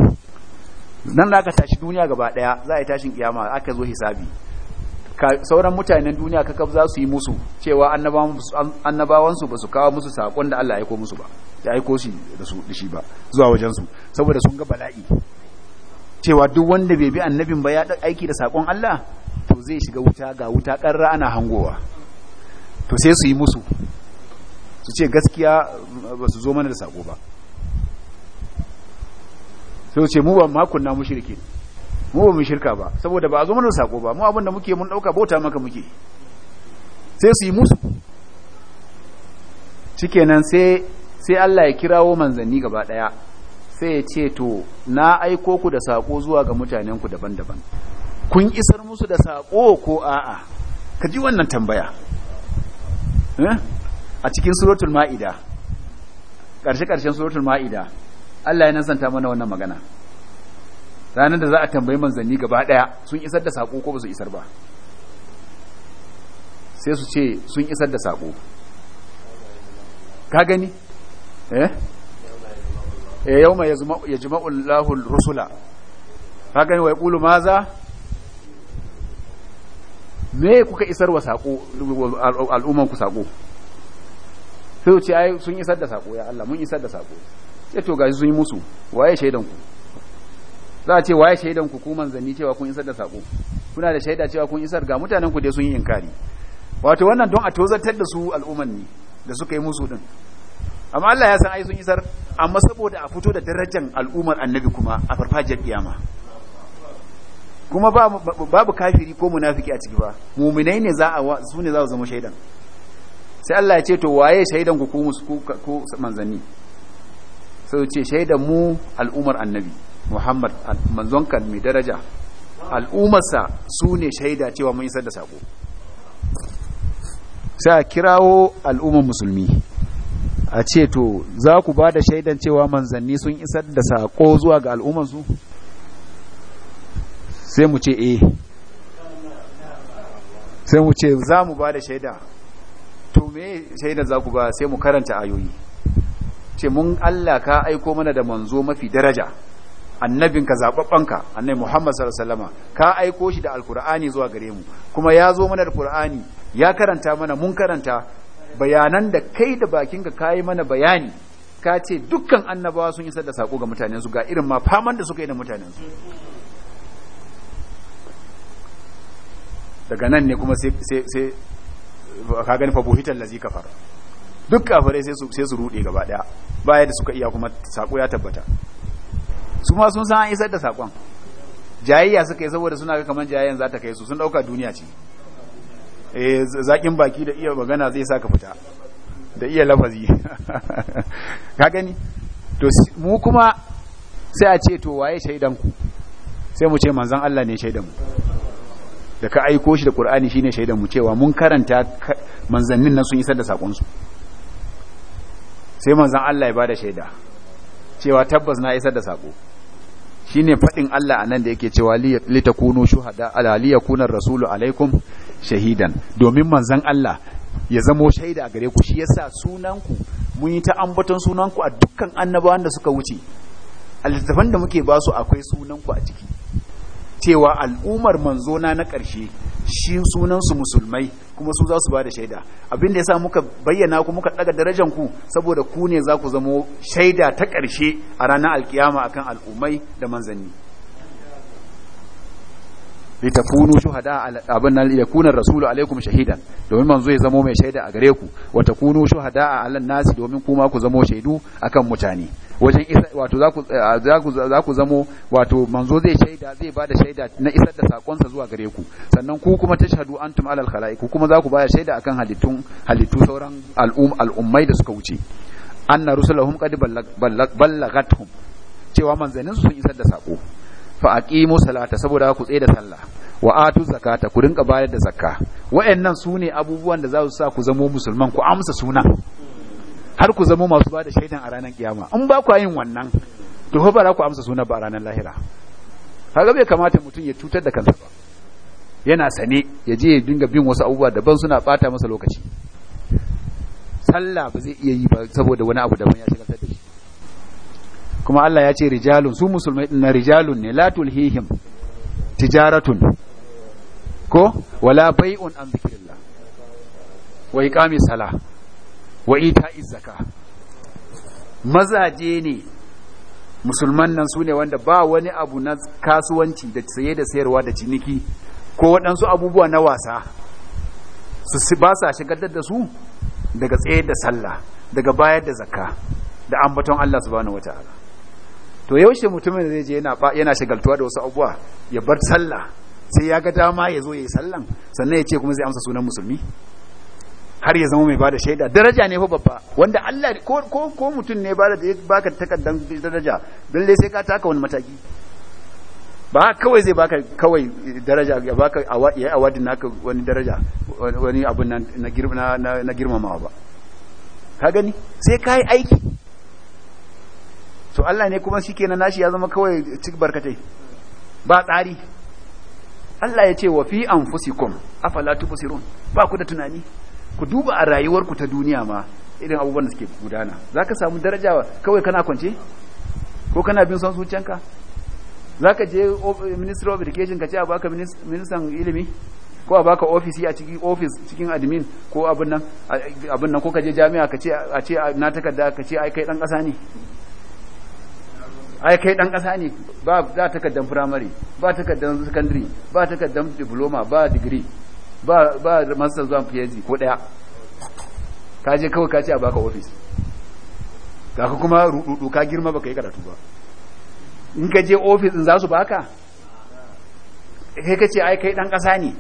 nan da aka tashi duniya gaba daya za a yi tashin kiyama aka zo hisabi sauran mutanen duniya kakaf za su yi musu cewa annabawansu ba su kawo musu saƙon da Allah ya aiko musu ba ya aiko shi da su dishi ba zuwa wajensu saboda sun ga bala'i cewa duk wanda bai bi annabin ba ya ɗan aiki da saƙon Allah to zai shiga wuta ga wuta ƙarra ana hangowa to sai su yi musu su ce gaskiya mm, ba su zo mana da saƙo ba sai su ce mu ba ne mu ba mu shirka ba saboda ba a zo mana sako ba mu abin da muke mun dauka bota maka muke sai su yi musu Cikenan sai sai Allah ya kirawo manzanni gaba daya sai ya ce to na aiko ku da sako zuwa ga mutanen ku daban-daban kun isar musu da sako ko a'a ka ji wannan tambaya eh? a cikin suratul ma'ida ƙarshe-ƙarshen suratul ma'ida Allah ya nasanta mana wannan magana ranar da za a tambayi manzanni gaba daya sun isar da sako ko ba su isar ba sai su ce sun isar da sako ka gani eh yau mai ya jima'ul lahul rusula ka gani wa ya ƙulu maza me kuka isar wa sako al'ummanku sako sai su ce ai sun isar da sako ya Allah mun isar da sako ce to gaji sun yi musu waye shaidanku za a ce waye shaidan ku kuma zanni cewa kun isar da sako kuna da shaida cewa kun isar ga mutanen ku dai sun yi inkari wato wannan don a tozartar da su al'umman ne da suka yi musu din amma Allah ya san ai sun isar amma saboda a fito da darajar al'ummar annabi kuma a farfajiyar kiyama kuma babu kafiri ko munafiki a ciki ba muminai ne za a su ne za su zama shaidan sai Allah ya ce to waye shaidan ku ko manzanni sai ce shaidan mu al'ummar annabi Muhammad manzonka mai daraja al'umarsa su ne shaida cewa mun isar da sako sai a kirawo al'ummar musulmi a ce to za ku ba da shaidan cewa manzanni sun isar da sako zuwa ga al'ummarsu sai mu ce eh sai mu ce za mu ba da shaida to me shaida za ku ba sai mu karanta ayoyi ce mun Allah ka aiko mana da manzo mafi daraja annabinka ka annabi Muhammad sallallahu alaihi wasallama ka aiko shi da alkur'ani zuwa gare mu kuma ya zo mana alkur'ani ya karanta mana mun karanta bayanan da kai da bakinka kai mana bayani ka ce dukkan annabawa sun isar da sako ga mutanen su ga irin ma faman da suka yi da mutanen su daga nan ne kuma sai sai sai ka gani fa buhitan lazi kafar duk kafare sai su sai su rude gaba daya baya da suka iya kuma sako ya tabbata su ma sun san an isar da sakon jayayya suka yi saboda suna kamar jayayyan za ta kai su sun dauka duniya ce E, zaƙin baki da iya magana zai sa ka fita da iya lafazi ka gani to mu kuma sai a ce to waye shaidanku? sai mu ce manzan Allah ne shaidanmu mu da ka aiko shi da ƙur'ani shi ne mu cewa mun karanta manzannin nan sun isar da saƙonsu. sai manzan Allah ya bada shaida cewa tabbas na isar da saƙo. shine faɗin Allah anan da yake cewa li takunu shuhada ala li yakuna rasulu alaikum shahidan domin manzon Allah ya zamo shaida a gare ku shi yasa sunanku mun yi ta ambaton sunanku a dukkan annabawan da suka wuce alittafan da muke basu akwai sunanku a ciki cewa al'umar manzona na ƙarshe shi sunansu musulmai kuma su za su ba da shaida abin da sa muka bayyana ku muka daga darajar ku saboda ku ne za ku zama shaida ta ƙarshe a ranar alkiyama akan al'ummai da manzanni kunu shuhada abin nan ya kunar rasulu alaikum shahidan domin manzo ya zamo mai shaida a gare ku wa kunu shuhada ala nasi domin kuma ku zamo shaidu akan mutane wajen isa wato eh, za ku zamo wato manzo zai shaida zai da shaida na isar da sakonsa zuwa gare ku sannan ku kuma tashhadu antum alal khalaiq ku kuma za ku bada shaida akan halittun halittu sauran al'ummai da suka wuce anna rusulahum qad ballagathum cewa manzanin sun isar da sako fa aqimu salata saboda ku tsaye da sallah wa atu zakata ku rinka bayar da zakka wayannan sune abubuwan da za su sa ku zamo musulman ku amsa suna har ku zama masu ba da shaidan a ranar kiyama in ba ku yin wannan to ba za ku amsa suna ba ranar lahira kaga bai kamata mutum ya cutar da kansa ba yana sane ya je ya dinga bin wasu abubuwa daban suna bata masa lokaci sallah ba zai iya yi ba saboda wani abu daban ya shagaltar da shi kuma Allah ya ce rijalun su musulmai na rijalun ne la tulhihim tijaratun ko wala bai'un an zikrillah wa iqami salah wa ita izaka mazaje ne musulman nan su ne wanda ba wani abu na kasuwanci da saye da sayarwa da ciniki ko waɗansu abubuwa na wasa su ba sa shigar da su daga tsaye da sallah daga bayar da zakka da ambaton Allah subhanahu wataala to yaushe mutumin da zai je yana yana shigaltuwa da wasu abubuwa ya bar sallah sai ya ga dama ya zo ya yi sallan sannan ya ce kuma zai amsa sunan musulmi har ya zama mai bada shaida daraja ne fa babba wanda Allah ko ko, ko mutum ne bada da baka takaddan daraja dai sai ka taka wani mataki ba kawai zai baka kawai daraja ya baka ya awadin naka wani daraja wani abun nan na girma na girmamawa ba ka gani sai kai aiki to Allah ne kuma na nashi ya zama kawai cik barkatai ba tsari Allah ya ce wa fi anfusikum afala tubsirun ba ku da tunani ku duba a rayuwarku ta duniya ma irin abubuwan da suke gudana za ka samu daraja kawai kana kwance ko kana bin son zuciyanka za ka je ministry of education ka ce a baka ministan ilimi ko a baka ofisi a cikin ofis cikin admin ko abin nan ko ka je jami'a ka ce a ce na takarda ka ce ai kai dan kasa ne ai kai dan kasa ne ba za takardan primary ba takardar secondary ba takardar diploma ba degree ba ba masu zuwa PhD ko daya ka je kawai ka ce a baka ofis. ga ka kuma rududu ka girma baka yi karatu ba in ka je ofis in za su baka kai ka ce ai kai dan kasa ne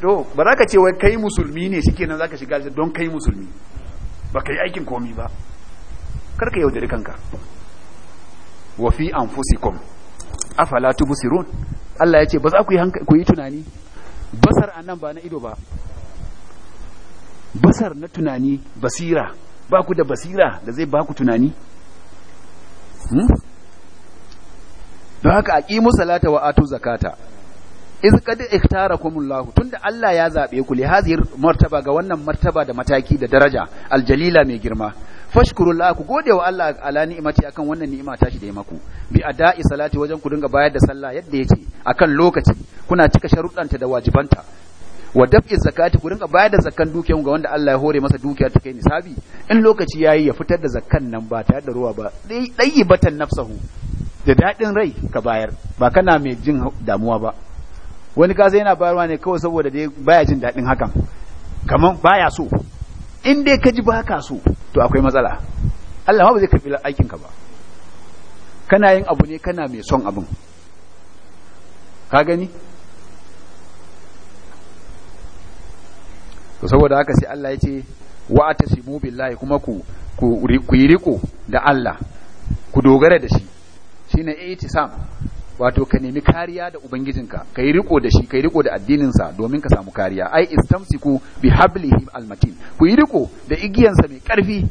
to ba za ka ce wai kai musulmi ne shi kenan za ka shiga don kai musulmi ba ka yi aikin komi ba karka yaudari kanka wa fi anfusikum afala tubsirun Allah ya ce ba za ku yi tunani basar a nan ba na ido ba basar na tunani basira ba ku da basira da zai ba ku tunani hmm? don haka a ƙi musalata wa ato zakata iz kad ikhtarakumullah tunda Allah ya zabe ku li hazir martaba ga wannan martaba da mataki da daraja aljalila mai girma fashkurullah ku gode wa Allah ala ni'imati akan wannan ni'ima tashi da ya maku bi ada'i salati wajen ku dinga bayar da sallah yadda yake akan lokaci kuna cika sharuɗanta da wajibanta wa daf'i zakati ku dinga bayar da zakkan dukiyar ga wanda Allah ya hore masa dukiyar ta kai nisabi in lokaci yayi ya fitar da zakkan nan ba ta da ruwa ba dai batan nafsahu da dadin rai ka bayar ba kana mai jin damuwa ba wani kasa yana bayarwa ne kawai saboda dai baya jin daɗin hakan kamar baya so in dai ka ji baka so to akwai matsala Allah ma ba zai karbi aikin ka ba kana yin abu ne kana mai son abin ka gani to saboda haka sai Allah ya ce wa atasimu billahi kuma ku riko da Allah ku dogara da shi shine itisam wato ka nemi kariya da ubangijinka ka yi riko da shi ka yi riko da addininsa domin ka samu kariya ai istamsiku bi hablihi almatin ku yi riko da igiyansa mai karfi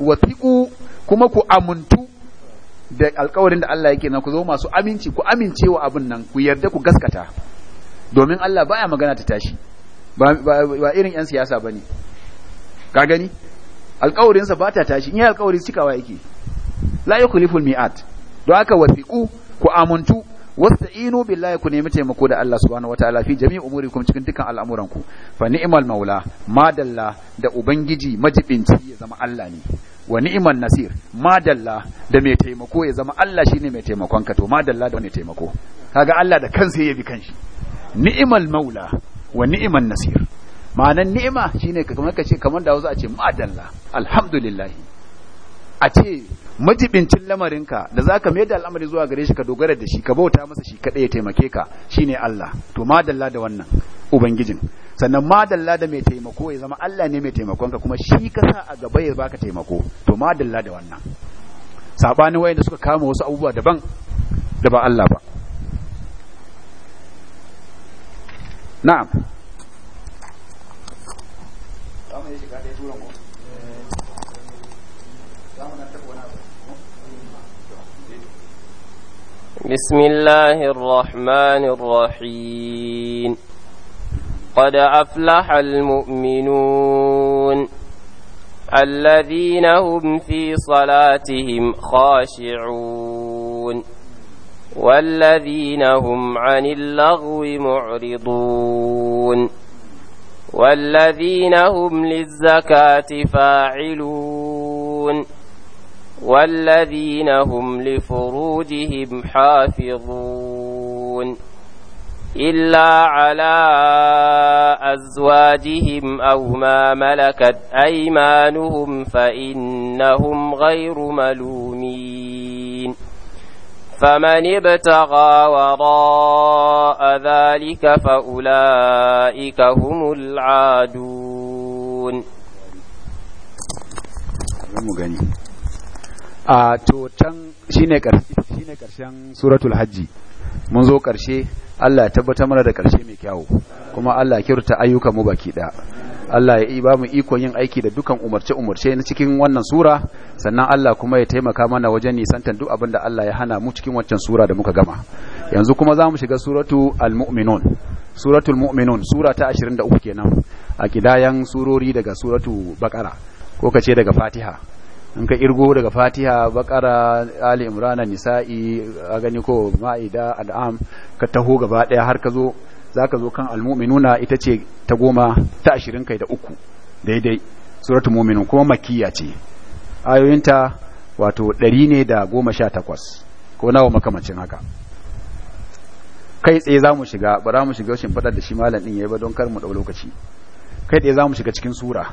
wasiku kuma ku amuntu da alkawarin da Allah yake na ku zo masu aminci ku amincewa abin nan ku yarda ku gaskata domin Allah baya magana ta tashi ba, irin yan siyasa bane ka gani sa ba ta tashi in yi alkawarin cikawa yake la yukhliful mi'at don haka wasiku ku amuntu wasta'inu billahi ku nemi taimako da Allah subhanahu wataala fi jami'i umurikum cikin dukkan al'amuranku fa ni'mal maula madalla da ubangiji majibinci ya zama Allah ne wa ni'man nasir madalla da mai taimako ya zama Allah shine mai taimakon ka to madalla da mai taimako kaga Allah da kansa ya bi kanshi ni'mal maula wa ni'man nasir ma'anan ni'ima shine kamar kace kamar da wasu a ce madalla alhamdulillah a ce majibincin lamarinka da ka mai da al'amari zuwa gare shi ka dogara da shi ka bauta masa shi kaɗai ya taimake ka shi ne Allah to madalla da wannan ubangijin sannan madalla da mai taimako ya zama Allah ne mai taimakonka kuma shi ka sa a gaba ya baka taimako to madalla da wannan sabanin wayanda suka kama wasu abubuwa daban da ba Allah ba na'am بسم الله الرحمن الرحيم قد أفلح المؤمنون الذين هم في صلاتهم خاشعون والذين هم عن اللغو معرضون والذين هم للزكاة فاعلون والذين هم لفروجهم حافظون إلا على أزواجهم أو ما ملكت أيمانهم فإنهم غير ملومين فمن ابتغى وراء ذلك فأولئك هم العادون a to can shine ne karshen suratul hajji mun zo karshe Allah ya tabbatar mana da karshe mai kyawu kuma Allah ya kirta ayyukan mu baki da Allah ya ba mu ikon yin aiki da dukan umarce umarce na cikin wannan sura sannan Allah kuma ya taimaka mana wajen nisantar duk abin da Allah ya hana mu cikin wancan sura da muka gama yanzu kuma za mu shiga suratu al-mu'minun suratul mu'minun sura ta 23 kenan a kidayan surori daga suratu Bakara ko kace daga fatiha in ka irgo daga fatiha bakara ali imrana nisa'i a gani ko ma'ida al'am ka taho gaba daya har ka zo za ka zo kan almu'minuna ita ce ta goma ta ashirin kai da uku daidai suratu mu'minun kuma makiya ce ayoyinta wato ɗari ne da goma sha takwas ko nawa makamacin haka kai tsaye za mu shiga ba za mu shiga shimfiɗar da shi malam ɗin ya yi ba don kar mu ɗau lokaci kai tsaye za mu shiga cikin sura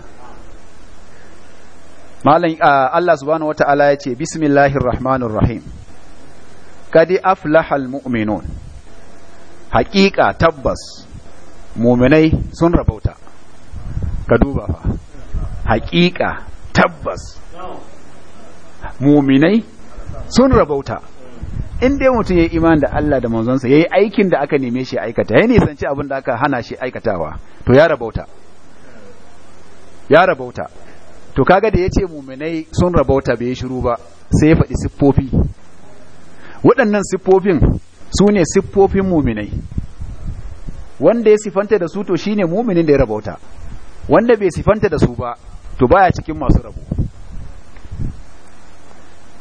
malam ah, Allah subhanahu ta’ala ya ce bismillahir rahmanir kadi aflahal mu'minun haƙiƙa tabbas muminai sun rabauta ka duba fa haƙiƙa tabbas muminai sun rabauta in dai mutum ya yi iman da Allah da manzonsa ya yi aikin da aka neme shi aikata ya nisanci abin da aka hana shi aikatawa to ya rabauta ya rabauta to kaga da yace muminai sun rabauta bai shiru ba sai ya faɗi siffofi waɗannan siffofin su ne siffofin muminai wanda ya sifanta da su to shine muminin da ya rabauta wanda bai sifanta da su ba to baya cikin masu rabo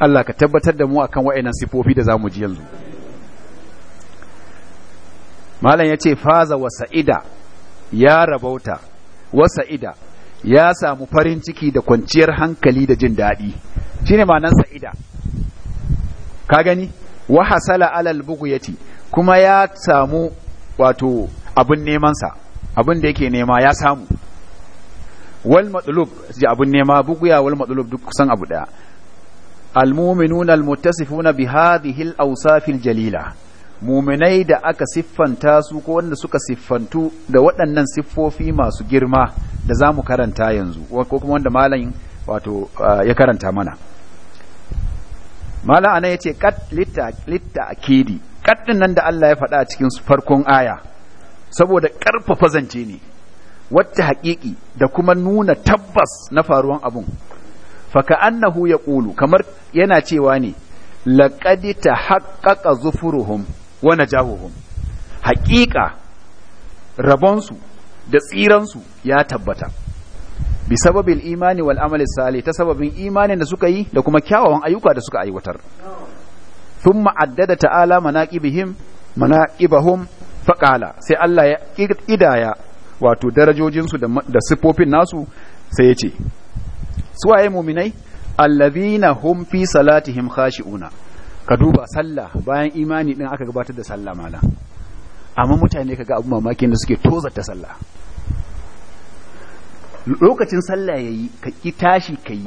Allah ka tabbatar da mu akan wa'annan siffofi da zamu ji yanzu malam yace faza wa sa'ida ya rabauta wa sa'ida ya samu farin ciki da kwanciyar hankali da jin daɗi shine ma'anar sa'ida ka gani wa hasala alal ce kuma ya samu wato abin nemansa abin da yake nema ya samu wal matsalub ji abin nema buguya wal matsalub duk kusan abu daya al mu'minuna al muttasifuna bi hadhihi al awsaf jalila muminai da aka siffanta su ko wanda suka siffantu da waɗannan siffofi masu girma da za mu karanta yanzu ko kuma wanda malam wato ya karanta mana malam ana ya ce kat litta akidi kat ɗin nan da Allah ya faɗa a cikin farkon aya saboda ƙarfafa zance ne wacce haƙiƙi da kuma nuna tabbas na faruwan abun faka annahu ya ƙulu kamar yana cewa ne laƙadi ta haƙaƙa zufuruhum Wani jahohun haƙiƙa rabonsu da tsiransu ya tabbata bi sababil imani wal amali Sale ta sababin imanin da suka yi da kuma kyawawan ayyuka da suka aiwatar thumma ma'addada ta'ala manaqibihim manaqibahum faqala sai Allah ya idaya wato darajojinsu da siffofin nasu sai ya ce suwaye muminai allazina hum fi salatihim khashi'una ka duba sallah bayan imani din aka gabatar da sallah mala amma mutane kaga abu mamaki ne suke ta sallah lokacin sallah yayi ka ki tashi kai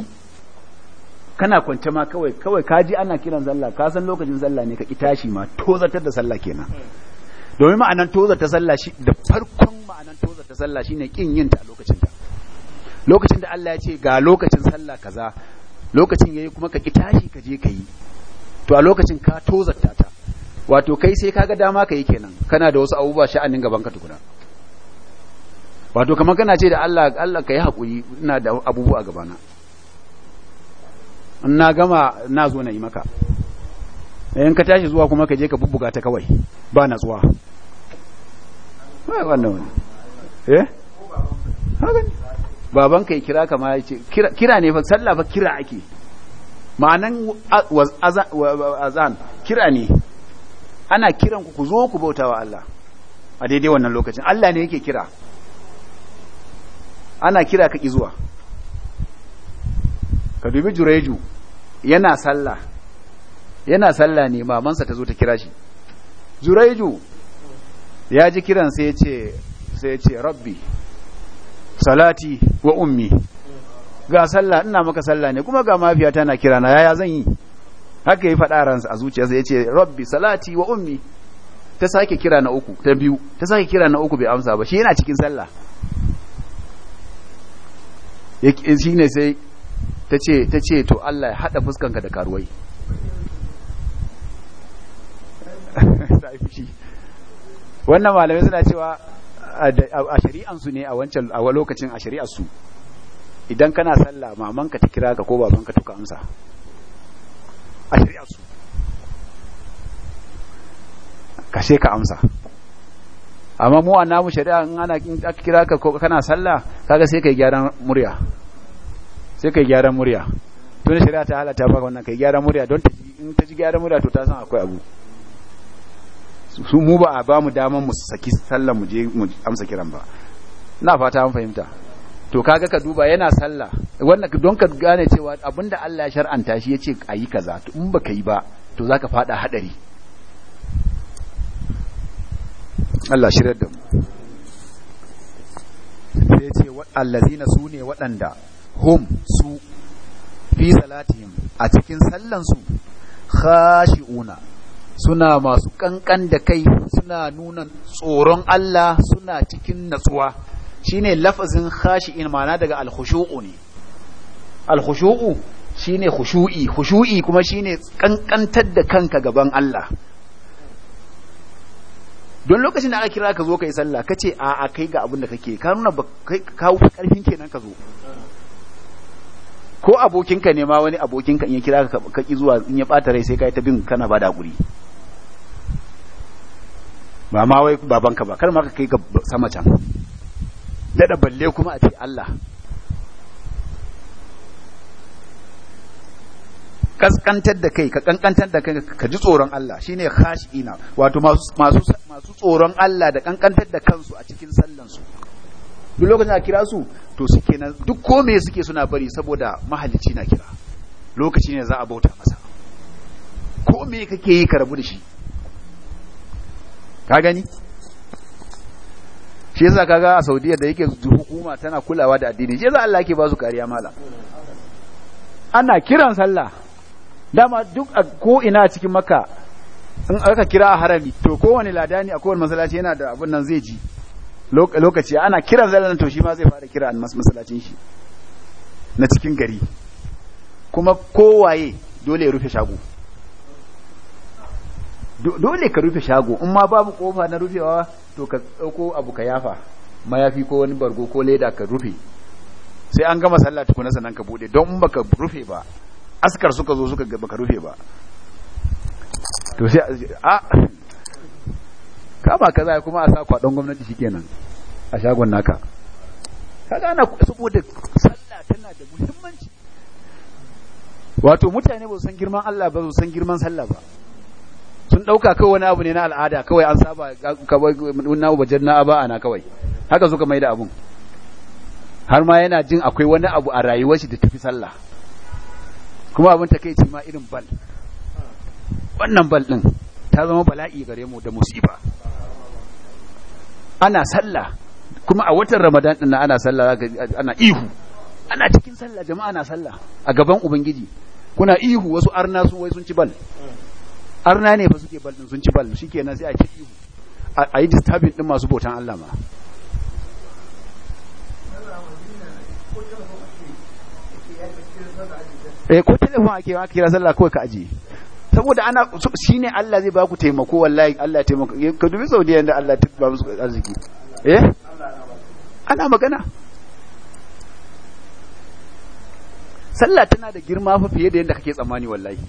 kana kwance ma kawai kawai ji ana kiran sallah ka san lokacin sallah ne ka ki tashi ma ta da sallah kenan domin ma'anan ta sallah shi da farkon ma'anan ta sallah shine kin yin ta lokacin ta lokacin da Allah ya ce ga lokacin sallah kaza lokacin yayi kuma ka ki tashi ka je ka yi to a lokacin ka tozarta ta wato kai sai kaga dama ka yi kenan kana da wasu abubuwa sha'anin gaban ka tukuna wato kamar kana ce da Allah Allah ka yi hakuri ina da abubuwa a gabana in na gama na zo na yi maka in ka tashi zuwa kuma ka je ka bubbuga ta kawai ba na zuwa wannan wani eh baban ka kira kama ya ce kira ne fa sallah fa kira ake ma'anan azan kira ne ana kiran ku zo ku bauta wa Allah a daidai wannan lokacin Allah ne yake kira ana kira ka zuwa ka dubi jureju yana sallah yana sallah ne mamansa ta zo ta kira shi jureju ya ji kiran sai ya ce rabbi salati wa ummi ga sallah ina maka sallah ne kuma ga mafiya tana kira na yaya zan yi haka yi faɗa ransa a zuciyarsa ya ce rabbi salati wa ummi ta sake kira na uku ta biyu ta sake kira na uku bai amsa ba shi yana cikin sallah shi ne sai ta ce ta ce to Allah ya haɗa fuskanka da karuwai wannan malamai suna cewa a shari'ansu ne a wancan a lokacin a shari'arsu idan kana sallah mamanka ta kira ka ko babanka to ka amsa a shari'a su kashe ka amsa amma mu a namu shari'a in ana aka kira ka ko kana sallah kaga sai kai gyaran murya sai kai gyaran murya tun shari'a ta halatta baka wannan kai gyaran murya don in ta ji gyaran murya to ta san akwai abu su mu ba a ba mu damar mu saki sallan mu je mu amsa kiran ba na fata an fahimta to kaga ka duba yana sallah wannan don ka gane cewa abinda Allah ya shar'anta shi yace ayi kaza to in baka yi ba to zaka fada hadari Allah shirar da mu sai yace allazina sune waɗanda hum su fi salatihim a cikin sallan su khashi'una suna masu kankan da kai suna nuna tsoron Allah suna cikin natsuwa Shi ne lafazin khashi'in mana daga alhushu'u ne Alhushu'u shi ne khushu'i khushu'i kuma shi ne ƙanƙantar da kanka gaban Allah don lokacin da aka kira ka zo ka yi sallah kace a a kai ga abin da kake ka nuna ba kai ka karfin kenan ka zo ko abokinka ne ma wani abokinka in ya kira ka kaki zuwa in ya bata rai sai kai ta bin kana bada guri ba ma wai babanka ba kar ma ka kai ga sama can daɗa balle kuma a ce Allah kaskantar da kai ka kankantar da kai ka ji tsoron Allah shine khashina wato masu tsoron Allah da kankantar da kansu a cikin sallansu duk lokacin a kira su to suke nan duk kome me suke suna bari saboda mahallici na kira lokaci ne za a bauta masa ko me kake yi ka rabu da shi ka gani shi yasa kaga a Saudiya da yake hukuma tana kulawa da addini shi yasa Allah yake ba su kariya mala ana kiran sallah dama duk a ko ina cikin Makka in aka kira a harami to kowane ladani a kowane masallaci yana da abin nan zai ji lokaci ana kiran sallah to shi ma zai fara kira masallacin shi na cikin gari kuma kowaye dole ya rufe shago dole ka rufe shago in ma babu kofa na rufewa to ka dauko abu ka yafa mayafi ko wani bargo ko leda ka rufe sai an gama sallah tukuna sannan ka bude don baka rufe ba askar suka zo suka baka rufe ba to sai a ah, kama kaza kuma a sa kwadon gwamnati shikenan a shagon naka kaga ana saboda sallah tana da muhimmanci wato mutane ba su san girman Allah ba su san girman sallah ba sun ɗauka kawai wani abu ne na al'ada kawai an saba kawai na ubajen na aba ana kawai haka suka mai da abun har ma yana jin akwai wani abu a rayuwar shi da tafi sallah kuma abin ta kai ma irin bal wannan bal ɗin ta zama bala'i gare mu da musiba ana sallah kuma a watan ramadan ɗin ana sallah ana ihu ana cikin sallah jama'a na sallah a gaban ubangiji kuna ihu wasu arna su wai sun ci bal arna ne fa suke bal din sun ci bal shikenan sai a ci ihu a yi disturbing din masu bautan Allah ma eh ko telefon ake yi kira sallah kawai ka aje saboda ana shine Allah zai ba ku taimako wallahi Allah taimako eh, ka dubi da yanda Allah ya ba musu arziki eh ana magana sallah tana da girma fa fiye da yanda kake tsammani wallahi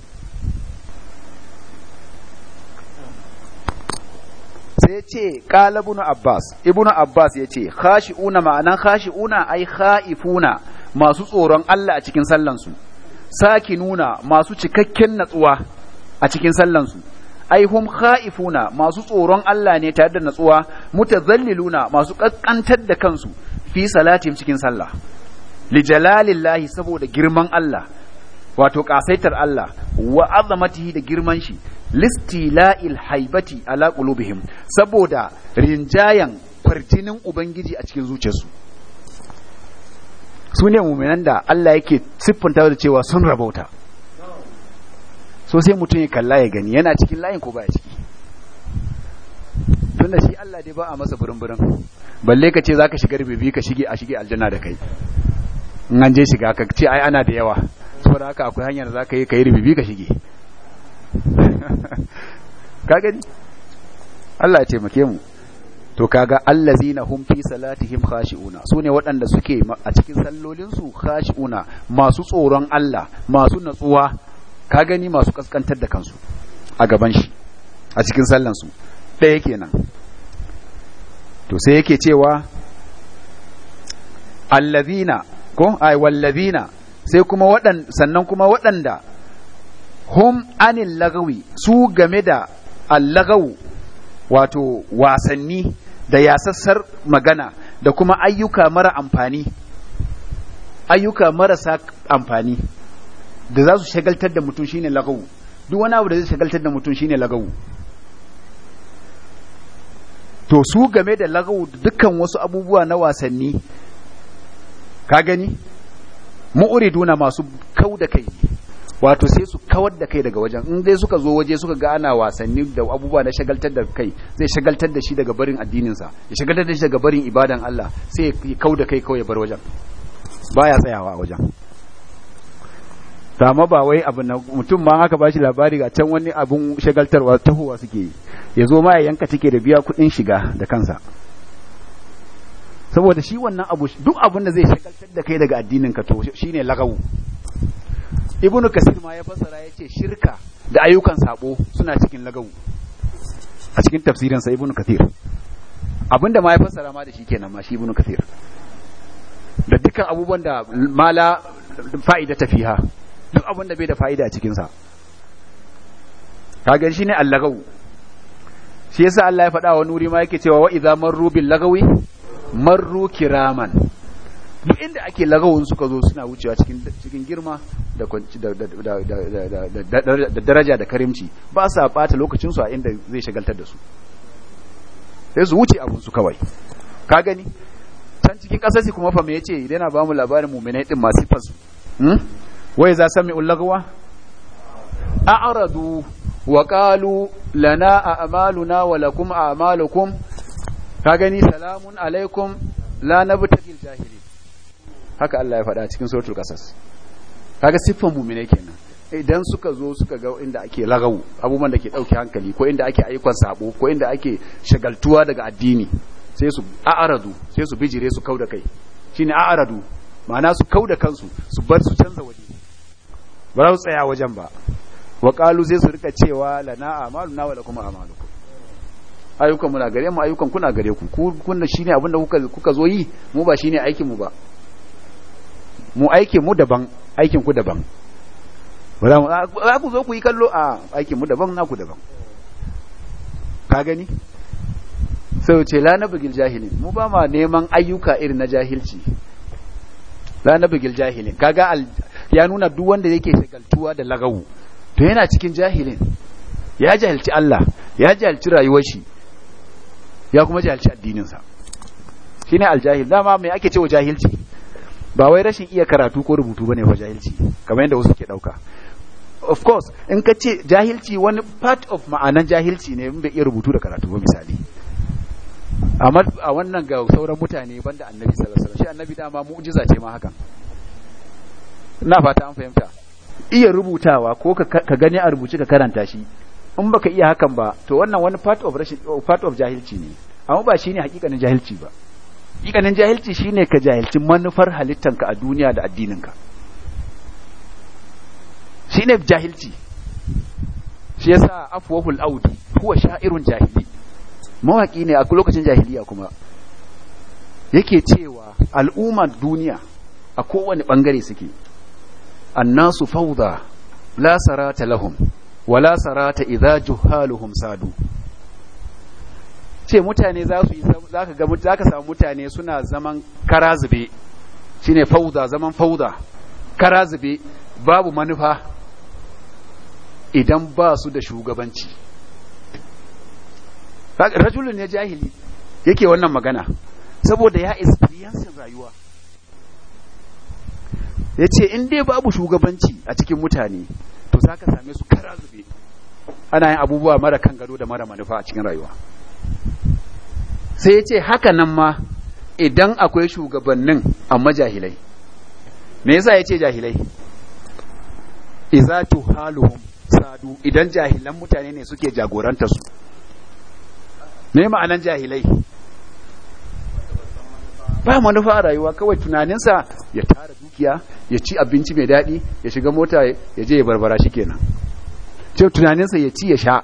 sai ce ƙala bunu abbas ibnu abbas ya ce hashi'una ma'anan kashiuna ai khaifuna masu tsoron Allah a cikin sallan su sakinuna masu cikakken natsuwa a cikin sallan su ai hum khaifuna masu tsoron Allah ne tare da natsuwa mutazalliluna masu ƙanƙantar da kansu fi salatin cikin sallah li jalalillahi saboda girman Allah wato kasaitar Allah wa azamatihi da girman shi listi la'il haibati ala qulubihim saboda rinjayan kwartinin ubangiji a cikin zuciyarsu su ne muminan da Allah yake siffanta da cewa sun rabauta so sai mutum ya kalla ya gani yana cikin layin ko baya ciki tunda shi Allah dai ba a masa burin-burin balle ka ce zaka shiga rububi ka shige a shige aljanna da kai in an je shiga ka ce ai ana da yawa saboda haka akwai hanyar za ka yi ka yi ribibi ka shige ka gani Allah ya taimake mu to kaga allazina hum fi salatihim khashi'una ne waɗanda suke a cikin sallolinsu khashi'una masu tsoron Allah masu natsuwa ka gani masu kaskantar da kansu a gaban shi a cikin sallan su ɗaya kenan to sai yake cewa allazina ko ai wallazina sai kuma waɗan sannan kuma waɗanda hum anil lagawi su game da allagawu wato wasanni da yasassar magana da kuma ayyuka mara amfani ayyuka marasa amfani da za su shagaltar da mutum shine lagawu duk wani abu da zai shagaltar da mutum shine lagawu to su game da lagawu dukkan wasu abubuwa na wasanni ka gani mu'riduna masu kau da kai wato sai su kawar da kai daga wajen in dai suka zo waje suka ga ana wasanni da abubuwa na shagaltar da kai zai shagaltar da shi daga barin addininsa ya shagaltar da shi daga barin ibadan Allah sai ya kau da kai kawai ya bar wajen baya tsayawa a wajen amma ba wai abu na mutum ma aka bashi labari ga can wani abin shagaltarwa tahowa suke yi ya zo ma ya yanka cike da biya kuɗin shiga da kansa saboda shi wannan abu duk abin da zai shagaltar da kai daga addinin ka to shine lagawu ibnu kasir ma ya fassara yace shirka da ayyukan sabo suna cikin lagawu a cikin tafsirin sa ibnu kasir abinda ma ya fassara ma da shi kenan ma shi ibnu kasir da dukkan abubuwan da mala fa'ida ta fiha duk abin da bai da fa'ida a cikin sa kaga shine allagawu shi yasa Allah ya faɗa wa nuri ma yake cewa wa idza marru bil lagawi marru kiraman duk inda ake lagawun suka zo suna wucewa cikin girma da daraja da karimci ba sa bata lokacinsu a inda zai shagaltar da su sai su wuce abinsu kawai ka gani can cikin kasarsi kuma fama ya ce idan ba mu labarin muminai din masu fasu wai za sami ullagawa a'radu wa qalu lana a'maluna wa lakum a'malukum ka gani salamun alaikum la nabtagil jahili haka Allah ya faɗa cikin suratul ka kaga siffan mine kenan idan suka zo suka ga inda ake lagawu abubuwan da ke ɗauke hankali ko inda ake ayyukan sabo ko inda ake shagaltuwa daga addini sai su a'aradu sai su bijire su kauda kai shine a'aradu ma'ana su kauda kansu su bar su canza waje ba za su tsaya wajen ba wa qalu sai su rika cewa lana amalu na wa kuma amalu. ayyukan muna gare mu ayyukan kuna gare ku ku kunna shine abinda kuka kuka zo yi mu ba shine aikin mu ba mu aikin mu daban aikin ku daban za ku zo ku yi kallo a aikin mu daban naku daban ka gani sai ce la na bugil jahilin mu ba ma neman ayyuka irin na jahilci la na bugil jahilin kaga ya nuna duk wanda yake shagaltuwa da lagawu to yana cikin jahilin ya jahilci Allah ya jahilci rayuwar shi ya kuma jahilci addininsa shi ne aljahil dama mai ake cewa jahilci ba wai rashin iya karatu ko rubutu ba ne fa jahilci kamar yadda wasu ke ɗauka of course in ka ce jahilci wani part of ma'anan jahilci ne in bai iya rubutu da karatu ba misali amma a wannan ga sauran mutane banda annabi sallallahu alaihi wasallam shi annabi dama mu'jiza ce ma hakan ina fata an fahimta iya rubutawa ko ka gani a rubuce ka karanta shi in baka iya hakan ba to wannan wani part of rashin part of jahilci ne amma ba shine hakikanin jahilci ba hakikanin jahilci shine ka jahilci manufar ka a duniya da addinin ka shine jahilci shi yasa afwahul audi huwa sha'irun jahili mawaki ne a lokacin jahiliya kuma yake cewa al'ummar duniya a kowane bangare suke annasu fawda la sarata lahum wala sarata idza juhaluhum sadu ce mutane za su zaka ga zaka samu mutane suna zaman karazube shine fauda zaman fauda karazube babu manufa idan ba su da shugabanci rajulun ne jahili yake wannan magana saboda ya experience rayuwa yace in dai babu shugabanci a cikin mutane to za ka same su kara zube ana yin abubuwa mara kan gado da mara manufa a cikin rayuwa sai ya ce haka nan ma idan akwai shugabannin amma jahilai me yasa ya ce jahilai iza tuhaluhum sadu idan jahilan mutane ne suke jagoranta su me ma'anan jahilai ba manufa a rayuwa kawai tunaninsa ya tara dukiya ya ci abinci mai daɗi ya shiga mota ya je ya barbara shi kenan ce tunaninsa ya ci ya sha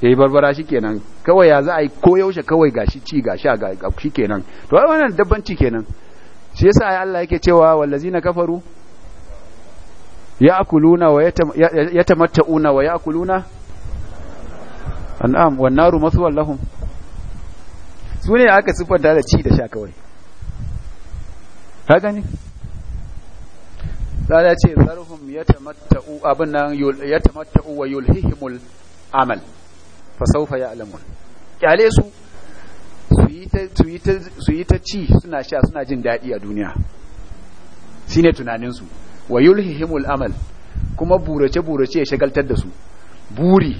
ya yi barbara shi kenan kawai ya za a yi koyaushe kawai ga shi ci ga sha ga shi kenan to wannan dabbanci kenan shi yasa ya Allah yake cewa na kafaru ya wa wa ya an'am wan naru ya akuluna. aka da ci da sha kawai ka gani sai ce zarhum yatamatta'u abin nan yatamatta'u wa yulhihimul amal fa sawfa ya'lamun kyale su su yi ta ci suna sha suna jin daɗi a duniya shine tunaninsu wa yulhihimul amal kuma burace-burace ya shagaltar da su buri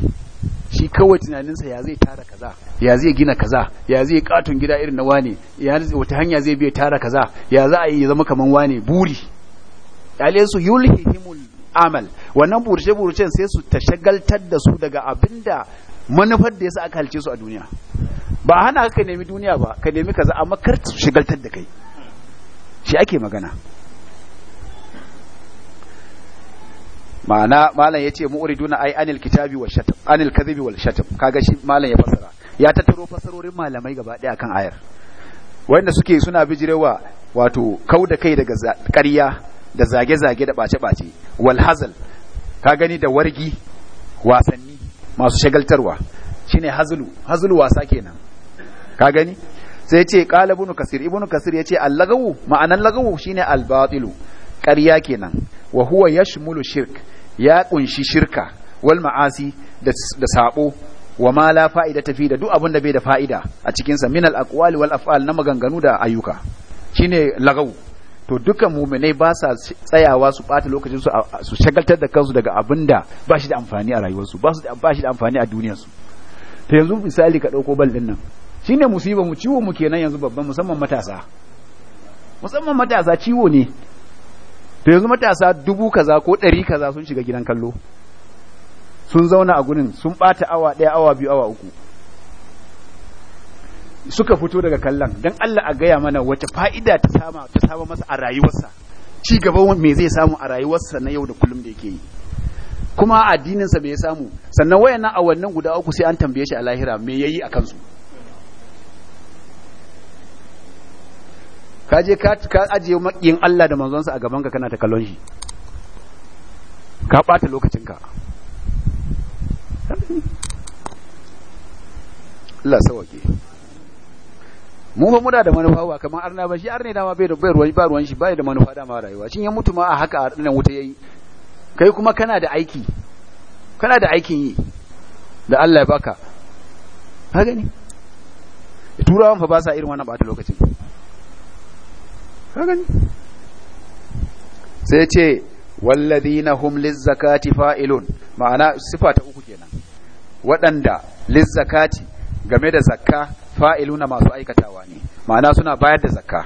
shi kawai tunaninsa ya zai tara kaza ya zai gina kaza ya zai katon gida irin na wane wata hanya zai biya tara kaza ya za a yi zama kaman wane buri kyale su yulhihimul amal wannan burce burcen sai su tashagaltar da su daga abinda manufar da yasa aka halce su a duniya ba hana ka nemi duniya ba ka nemi kaza amma kar su shigaltar da kai shi ake magana ma'ana malam yace mu'riduna ai anil kitabi wal shatam anil kadhibi wal kaga shi malam ya fasara ya tattaro fasarorin malamai gaba daya akan ayar wanda suke suna bijirewa wato kauda kai daga ƙarya da zage-zage da ɓace-ɓace walhazal. ka gani da wargi wasanni masu shagaltarwa Shi ne hazulu hazulu wasa kenan ka gani sai ce ƙala bunu kasir ibn kasir ya ce allagawu ma'anan lagawu shine albatilu ƙarya kenan wa huwa Mulu shirk ya ƙunshi shirka wal ma'asi da saɓo, wa ma la ta fi da duk abin da bai da fa'ida a cikin sa min al wal af'al na maganganu da ayyuka shine lagawu to dukan muminai ba sa tsayawa su ɓata lokacin su su shagaltar da kansu daga abin da ba shi da amfani a rayuwarsu ba su ba shi da amfani a duniyarsu to yanzu misali ka ɗauko bal ɗin nan shine musiba mu ciwo mu kenan yanzu babban musamman matasa musamman matasa ciwo ne to yanzu matasa dubu kaza ko ɗari kaza sun shiga gidan kallo sun zauna a gurin sun ɓata awa ɗaya awa biyu awa uku suka fito daga kallon don Allah a gaya mana wace fa'ida ta sama ta sama masa a rayuwarsa ci gaba me zai samu a rayuwarsa na yau da kullum da yake yi kuma addininsa me ya samu sannan wayannan wannan guda uku sai an tambaye shi a lahira me yi a kansu ka je ka ajiye makiyin Allah da manzonsa a gabanka kana ta kallon shi ka ɓata lokacinka Allah sawake mu ba muna da manufa ba kamar arna ba shi arne dama bai da bai ruwan ba ruwan shi bai da manufa dama rayuwa shin ya mutu ma a haka arnan wuta yayi kai kuma kana da aiki kana da aikin yi da Allah ya baka ka gani turawan fa ba sa irin wannan bata lokacin ka gani sai ce walladhina hum lizzakati fa'ilun ma'ana sifa ta uku kenan waɗanda lizzakati game da zakka fa'iluna masu aikatawa ne ma'ana suna bayar da zakka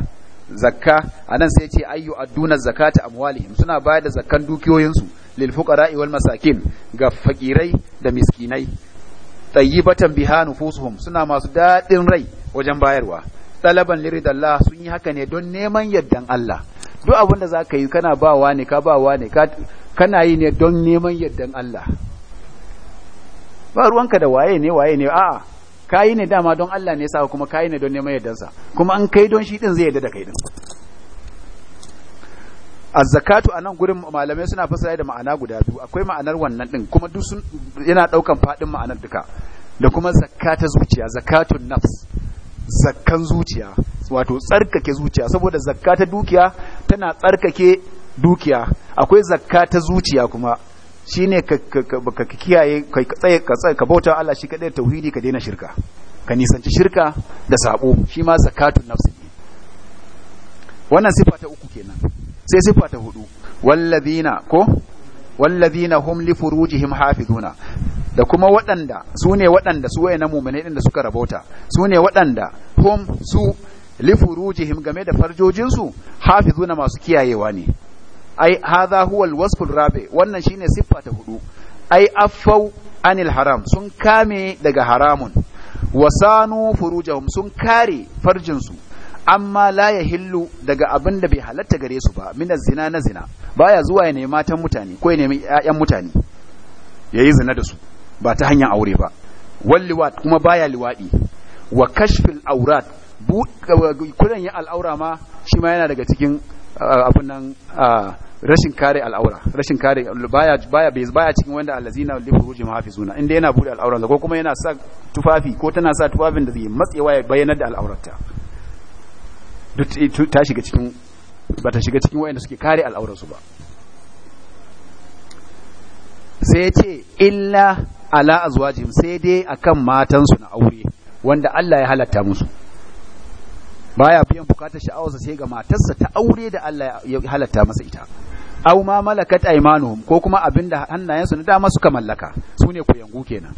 zakka a nan sai ce ayyu zakka zakata amwalihim suna bayar da zakkan dukiyoyinsu lilfuka fuqara'i masakin ga fakirai da miskinai batan biha nufusuhum suna masu daɗin rai wajen bayarwa talaban liridallah sun yi haka ne don neman yardan Allah duk abin da zaka yi kana bawa ne ka bawa ne kana yi ne don neman yardan Allah ba ruwanka da waye ne waye ne a'a kayi ne dama don Allah ne sa kuma kayi ne don neman sa kuma an kai don shi din zai yarda da kai din azzakatu a nan gurin malamai suna fasara da ma'ana guda biyu akwai ma'anar wannan din kuma duk sun yana daukan fadin ma'anar duka da kuma zakata zuciya zakatun nafs zakkan zuciya wato tsarkake zuciya saboda zakata dukiya tana tsarkake dukiya akwai zakka zuciya kuma shine ka ka kiyaye ka tsaye ka tsaye ka bauta Allah shi kadai tauhidi ka daina shirka ka nisanci shirka da sabo shi ma zakatun nafsi wannan sifa ta uku kenan sai sifa ta hudu wallazina ko wallazina hum li furujihim hafizuna da kuma waɗanda su ne waɗanda su waye na muminai din da suka rabauta su ne waɗanda hum su li furujihim game da farjojinsu hafizuna masu kiyayewa ne ai hadha huwa alwasf wannan shine siffa ta hudu ai Afau anil haram sun kame daga haramun wasanu furujahum sun kare farjinsu amma la ya hillu daga abin da bai halatta gare su ba min zina na zina baya zuwa ya nemi matan mutane ko ya nemi ƴaƴan mutane yayi zina da su ba ta hanyar aure ba walliwat kuma baya liwadi wa kashfil aurat kuran ya al'aura ma shi ma yana daga cikin abun nan rashin kare al'aura rashin kare baya baya bai baya cikin wanda allazina li furujihim hafizuna inda yana bude al'aura ko kuma yana sa tufafi ko tana sa tufafin da zai matsewa ya bayyana da al'aurarta duk ta shiga cikin bata shiga cikin wayanda suke kare al'aura su ba sai ce illa ala azwajihim sai dai akan matansu na aure wanda Allah ya halatta musu baya biyan bukatar sha'awarsa sai ga matarsa ta aure da Allah ya halatta masa ita aw ma malakat aymanuhum ko kuma abinda hannayensu na dama suka mallaka su ne yangu kenan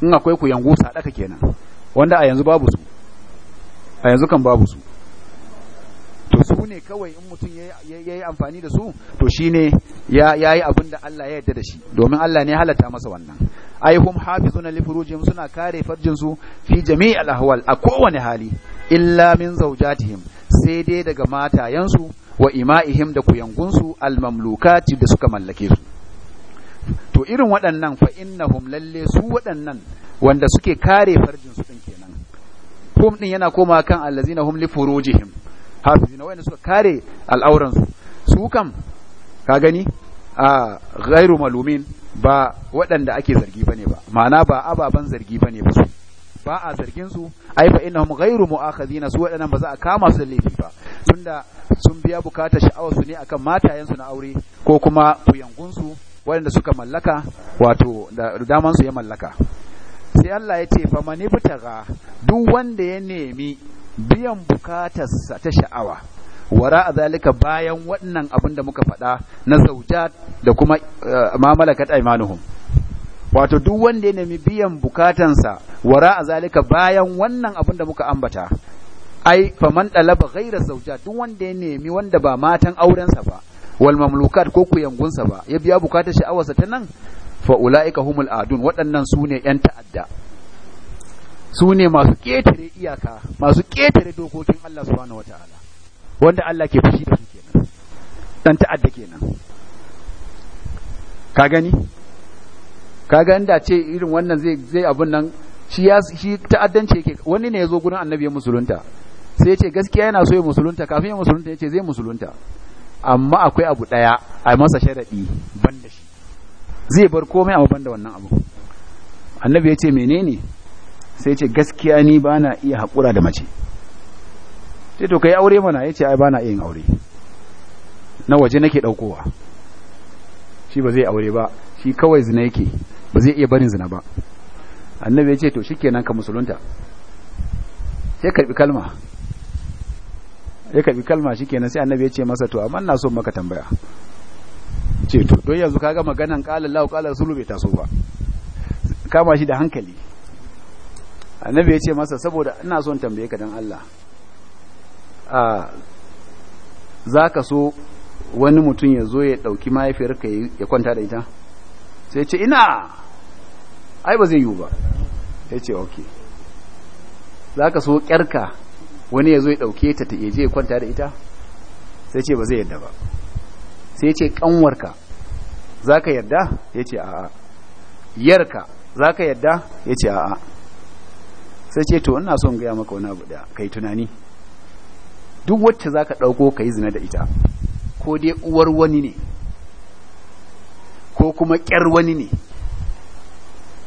in akwai ku kuyangu sadaka kenan wanda a yanzu babu su a yanzu kan babu su to su ne kawai in mutum ya yi amfani da su to shi ne ya yi abin da Allah ya yarda da shi domin Allah ne halatta masa wannan ai hum hafizuna li furujihim suna kare farjinsu fi jami'i ahwal a kowane hali illa min zaujatihim sai dai daga matayensu wa ima'ihim da kuyangunsu almamlukati da suka mallake su to irin waɗannan fa innahum lalle su waɗannan wanda suke kare farjin su din kenan hum din yana koma kan allazina hum li furujihim hafizina wanda suka kare al'auran su su kam ka gani a ghairu malumin ba waɗanda ake zargi bane ba ma'ana ba ababan zargi bane ba su ba a zargin su ai fa innahum ghairu mu'akhadhina su wadannan ba za a kama su da laifi ba tunda sun biya bukata sha'awar su ne akan matayen su na aure ko kuma kuyangun su waɗanda suka mallaka wato da daman su ya mallaka sai Allah ya ce fa manibtaga duk wanda ya nemi biyan bukatarsa ta sha'awa wara a zalika bayan waɗannan abin da muka faɗa na zaujat da kuma eh, mamalakat aimanuhum wato duk wanda ya nemi biyan bukatansa wara a zalika bayan wannan abin da muka ambata ai faman ɗalaba ghaira zauja duk wanda ya nemi wanda ba matan aurensa ba wal mamlukat ko kuyangunsa ba ya biya bukatar sha'awarsa ta nan fa ulaika humul adun waɗannan su ne yan ta'adda su ne masu ƙetare iyaka masu ƙetare dokokin Allah subhanahu wataala wanda Allah ke fushi da su kenan dan ta'adda kenan ka gani kaga inda ce irin wannan zai zai abun nan shi ya shi ta'addance yake wani ne ya zo gurin annabi ya musulunta sai ya ce gaskiya yana so ya musulunta kafin ya musulunta ya ce zai musulunta amma akwai abu daya a masa sharadi ban da shi zai bar komai amma ban da wannan abu annabi ya ce menene sai ya ce gaskiya ni ba na iya haƙura da mace sai to kai aure mana ya ce ai ba na iya yin aure na waje nake ɗaukowa shi ba zai aure ba shi kawai zina yake ba zai iya barin zina ba annabi ya ce to shikenan ka musulunta sai karbi kalma ya karbi kalma shikenan sai annabi ya ce masa to amma ina so maka tambaya ce to don yanzu kaga maganan qala Allahu qala rasulu bai taso ba kama shi da hankali annabi ya ce masa saboda ina son tambaye ka dan Allah a zaka so wani mutum ya zo ya dauki mahaifiyarka ya kwanta da ita sai ce ina ai ba zai yiwu ba ya ce ok za ka so ƙyarka wani ya zo ya dauke ta ta je kwanta da ita sai ce ba zai yadda ba sai ce ƙanwarka za ka yadda ya ce a'a yarka za ka yadda ya ce a'a sai ce to ina son gaya maka wani abu da yi tunani duk wacce za ka ɗauko ka yi zina da ita ko dai uwar wani ne ko kuma ƙyar wani ne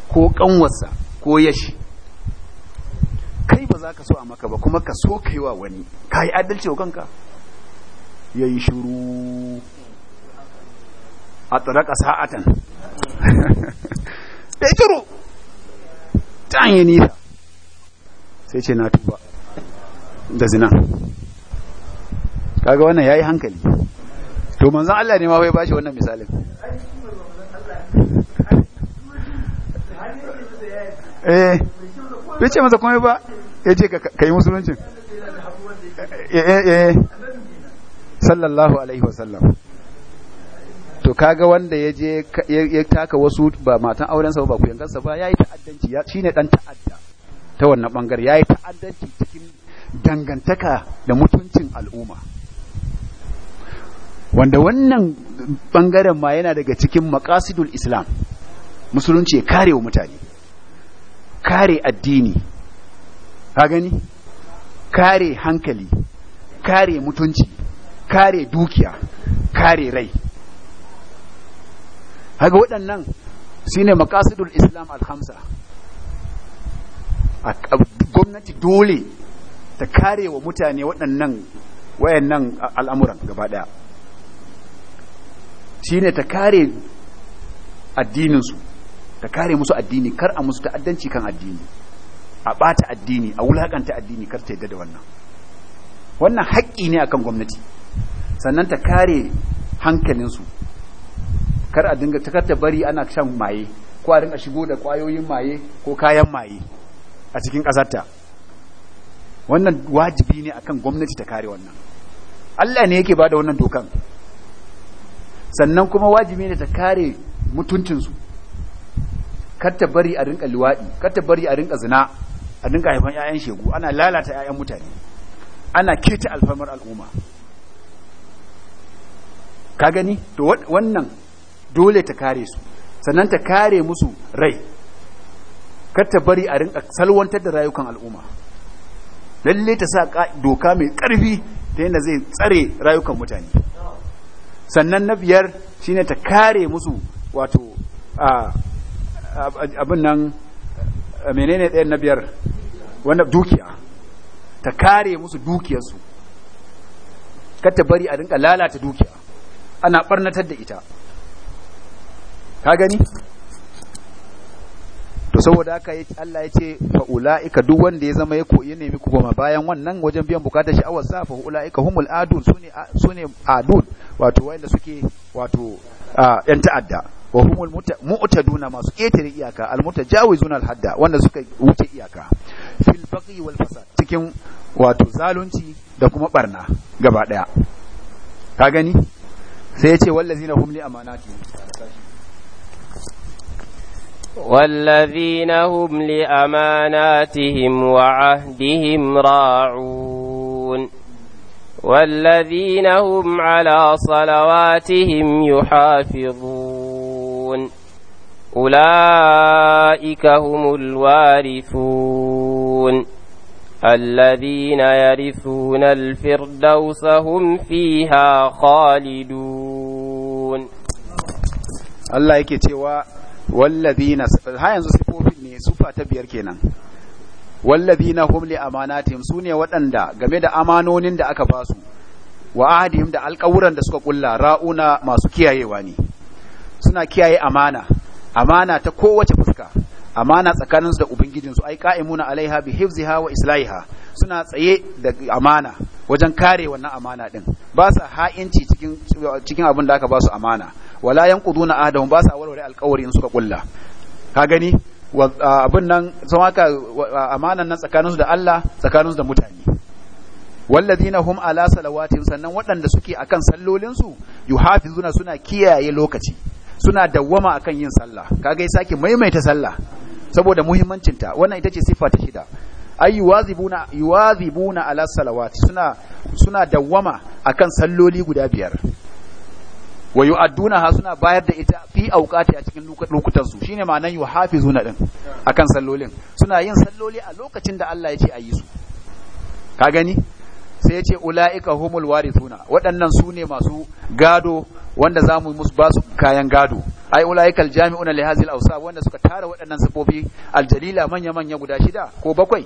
ko ƙanwarsa ko yashi kai ba za ka so a maka ba kuma ka so ka yi wa wani ka yi adalci wa kanka ya yi shuru a tsaraka sa'atan da shuru ta hanyar nisa sai ce na tuba da zina kaga wannan ya yi hankali to manzan Allah ne ma bai bashi wannan misalin eh bai ce masa komai ba ya ce ka yi musulunci eh, eh, eh, eh sallallahu alaihi wasallam to kaga wanda ya je ya taka wasu ba matan auren sa ba ku yankansa ba yayi ta'addanci ya shine dan ta'adda ta wannan bangare yayi ta'addanci cikin dangantaka da mutuncin al'umma wanda wannan bangaren ma yana daga cikin maqasidul islam musulunci ya kare wa mutane kare addini ka gani kare hankali kare mutunci kare dukiya kare rai haga waɗannan su ne makasudul islam alhamsa gwamnati dole ta kare wa mutane waɗannan wayannan al'amuran gaba ɗaya shi ne ta kare addininsu Ta kare musu addini kar a musu ta'addanci kan addini a bata addini a wulakanta addini kar ta yadda da wannan wannan haƙƙi ne akan gwamnati sannan ta kare hankalinsu kar a dinga ta karta bari ana shan maye ko a dinga shigo da ƙwayoyin maye ko kayan maye a cikin ƙasarta wannan wajibi ne akan gwamnati ta kare wannan Allah ne yake ba da wannan dokan sannan kuma wajibi ne ta kare mutuncinsu kar bari a rinka luwaɗi, kar bari a rinka zina a rinka haifan 'ya'yan shegu ana lalata 'ya'yan mutane ana keta alfarmar al'umma ka gani to wannan dole ta kare su sannan ta kare musu rai kar bari a rinka salwantar da rayukan al'umma lalle ta sa doka mai ƙarfi ta yadda zai tsare rayukan mutane sannan na biyar shine ta kare musu wato abin nan eh, menene ɗayan na biyar wanda dukiya ta kare musu dukiyarsu ta bari a rinka lalata dukiya ana ɓarnatar da ita ka gani to saboda haka Allah ya ce fa'ula'ika duk wanda ya zama ya koyi nemi ku goma bayan wannan wajen biyan bukatar sha'awar sa fa'ula'ika humul adun sune ne adun wato waila suke wato yan ta'adda wa humul mu'taduna masu ƙetare iyaka al mutajawizuna al hadda wanda suka wuce iyaka fil baqi wal fasad cikin wato zalunci da kuma barna gaba daya ka gani sai ya ce wallazina hum li amanati والذين هم لأماناتهم وعهدهم راعون والذين هم على صلواتهم يحافظون فرعون أولئك هم الوارثون الذين يرثون الفردوس هم فيها خالدون الله yake cewa wallazina ha yanzu sifofin ne sufa ta biyar kenan wallazina hum li amanatihim sune waɗanda game da amanonin da aka basu wa ahadihim da alƙawuran da suka kulla ra'una masu kiyayewa ne suna kiyaye amana amana ta kowace fuska amana tsakaninsu da ubangijinsu ai ka'imuna alaiha bi hifziha wa islaiha suna tsaye da amana wajen kare wannan amana din ba sa ha'inci cikin cikin abin da aka ba su amana wala yanquduna ahdahum ba sa warware alƙawari in suka kulla ka gani abin nan sun haka amanan nan tsakaninsu da Allah tsakaninsu da mutane walladina hum ala salawatihim sannan waɗanda suke akan sallolinsu yuhafizuna suna kiyaye lokaci suna dawwama akan yin sallah kaga ya sake maimaita sallah saboda muhimmancinta wannan ita ce siffa ta shida ay yuwazibuna yuwazibuna ala salawat suna suna dawwama akan salloli guda biyar wa ha suna bayar da ita fi awqati a cikin lokutan su shine ma'anan yuhafizuna din akan sallolin suna yin salloli a lokacin da Allah ya ce ayi su ka gani sai ya ce ula'ika humul warithuna waɗannan su ne masu gado wanda za mu musu basu kayan gado ai ulaikal jami'una li hazil awsa wanda suka tara waɗannan sabobi aljalila manya manya guda shida ko bakwai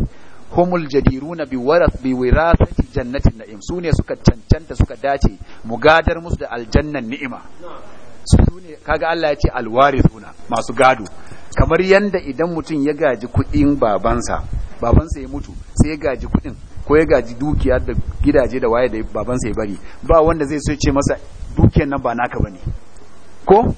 humul jadiruna bi warath bi wirathati jannatin na'im sune suka cancanta suka dace mu gadar musu da aljannan ni'ima sune kaga Allah ya ce alwarithuna masu gado kamar yanda idan mutum ya gaji kuɗin babansa babansa ya mutu sai ya gaji kuɗin ko ya gaji dukiya da gidaje da waye da babansa ya bari ba wanda zai so ce masa dukiyar nan ba naka ba ne ko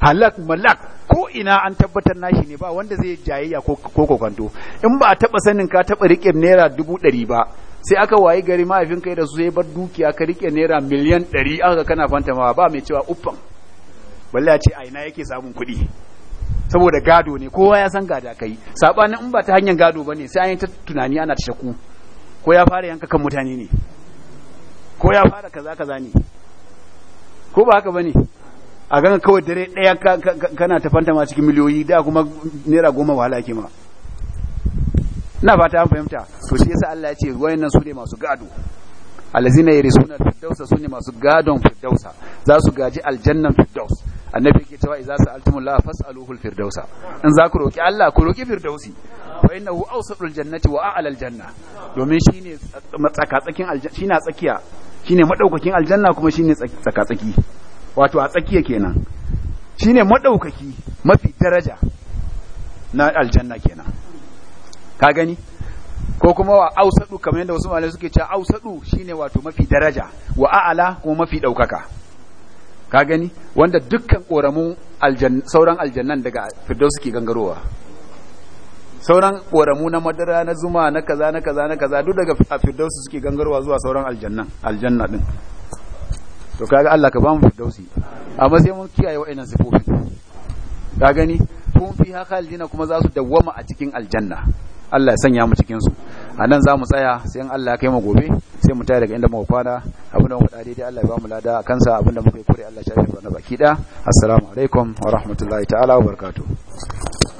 halak malak ko ina an tabbatar nashi ne ba wanda zai jayayya ko kokanto in ba a taba sanin ka taba rike naira dubu ɗari ba sai aka wayi gari mahaifin kai da su zai bar dukiya ka rike naira miliyan ɗari aka kana ma ba mai cewa uffan balle a ce a ina yake samun kuɗi saboda gado ne kowa ya san gada kai sabanin in ba ta hanyar gado bane sai an yi ta tunani ana ta shaku ko ya fara yanka kan mutane ne ko ya fara kaza kaza ne ko ba haka bane a ganga kawai dare daya kana ta fanta ma cikin miliyoyi da kuma naira goma wahala ke ma ina fata an fahimta to shi yasa Allah ya ce wayannan su ne masu gado allazina yarisuna al-firdausa ne masu gadon firdausa za su gaji aljannan firdaus annabi yake cewa idza sa'altum la fas'aluhu al-firdausa in za ku roki Allah ku roki firdausi fa innahu awsatul jannati wa a'la al-janna domin shine matsaka tsakin aljanna shine tsakiya shine madaukakin aljanna kuma shine tsakatsaki wato a tsakiya kenan shine madaukaki mafi daraja na aljanna kenan ka gani ko kuma wa ausadu kamar yadda wasu malamai suke cewa ausadu shine wato mafi daraja wa a'ala kuma mafi daukaka ka gani wanda dukkan koramun sauran aljannan daga firdaus suke gangarowa sauran ƙoramu na madara na zuma na kaza na kaza na kaza duk daga afirdausu suke gangarwa zuwa sauran aljanna ɗin din to kaga Allah ka ba mu firdausi amma sai mun kiyaye wa'annan sifofi ka gani kun fi haka aljina kuma za su dawwama a cikin aljanna Allah ya sanya mu cikin su nan za mu tsaya sai in Allah ya kai mu gobe sai mu tare daga inda muka kwana abin da mu faɗa daidai Allah ya ba mu lada a kansa abin da muka yi kure Allah ya na baki da assalamu alaikum wa rahmatullahi ta'ala wa barkatu.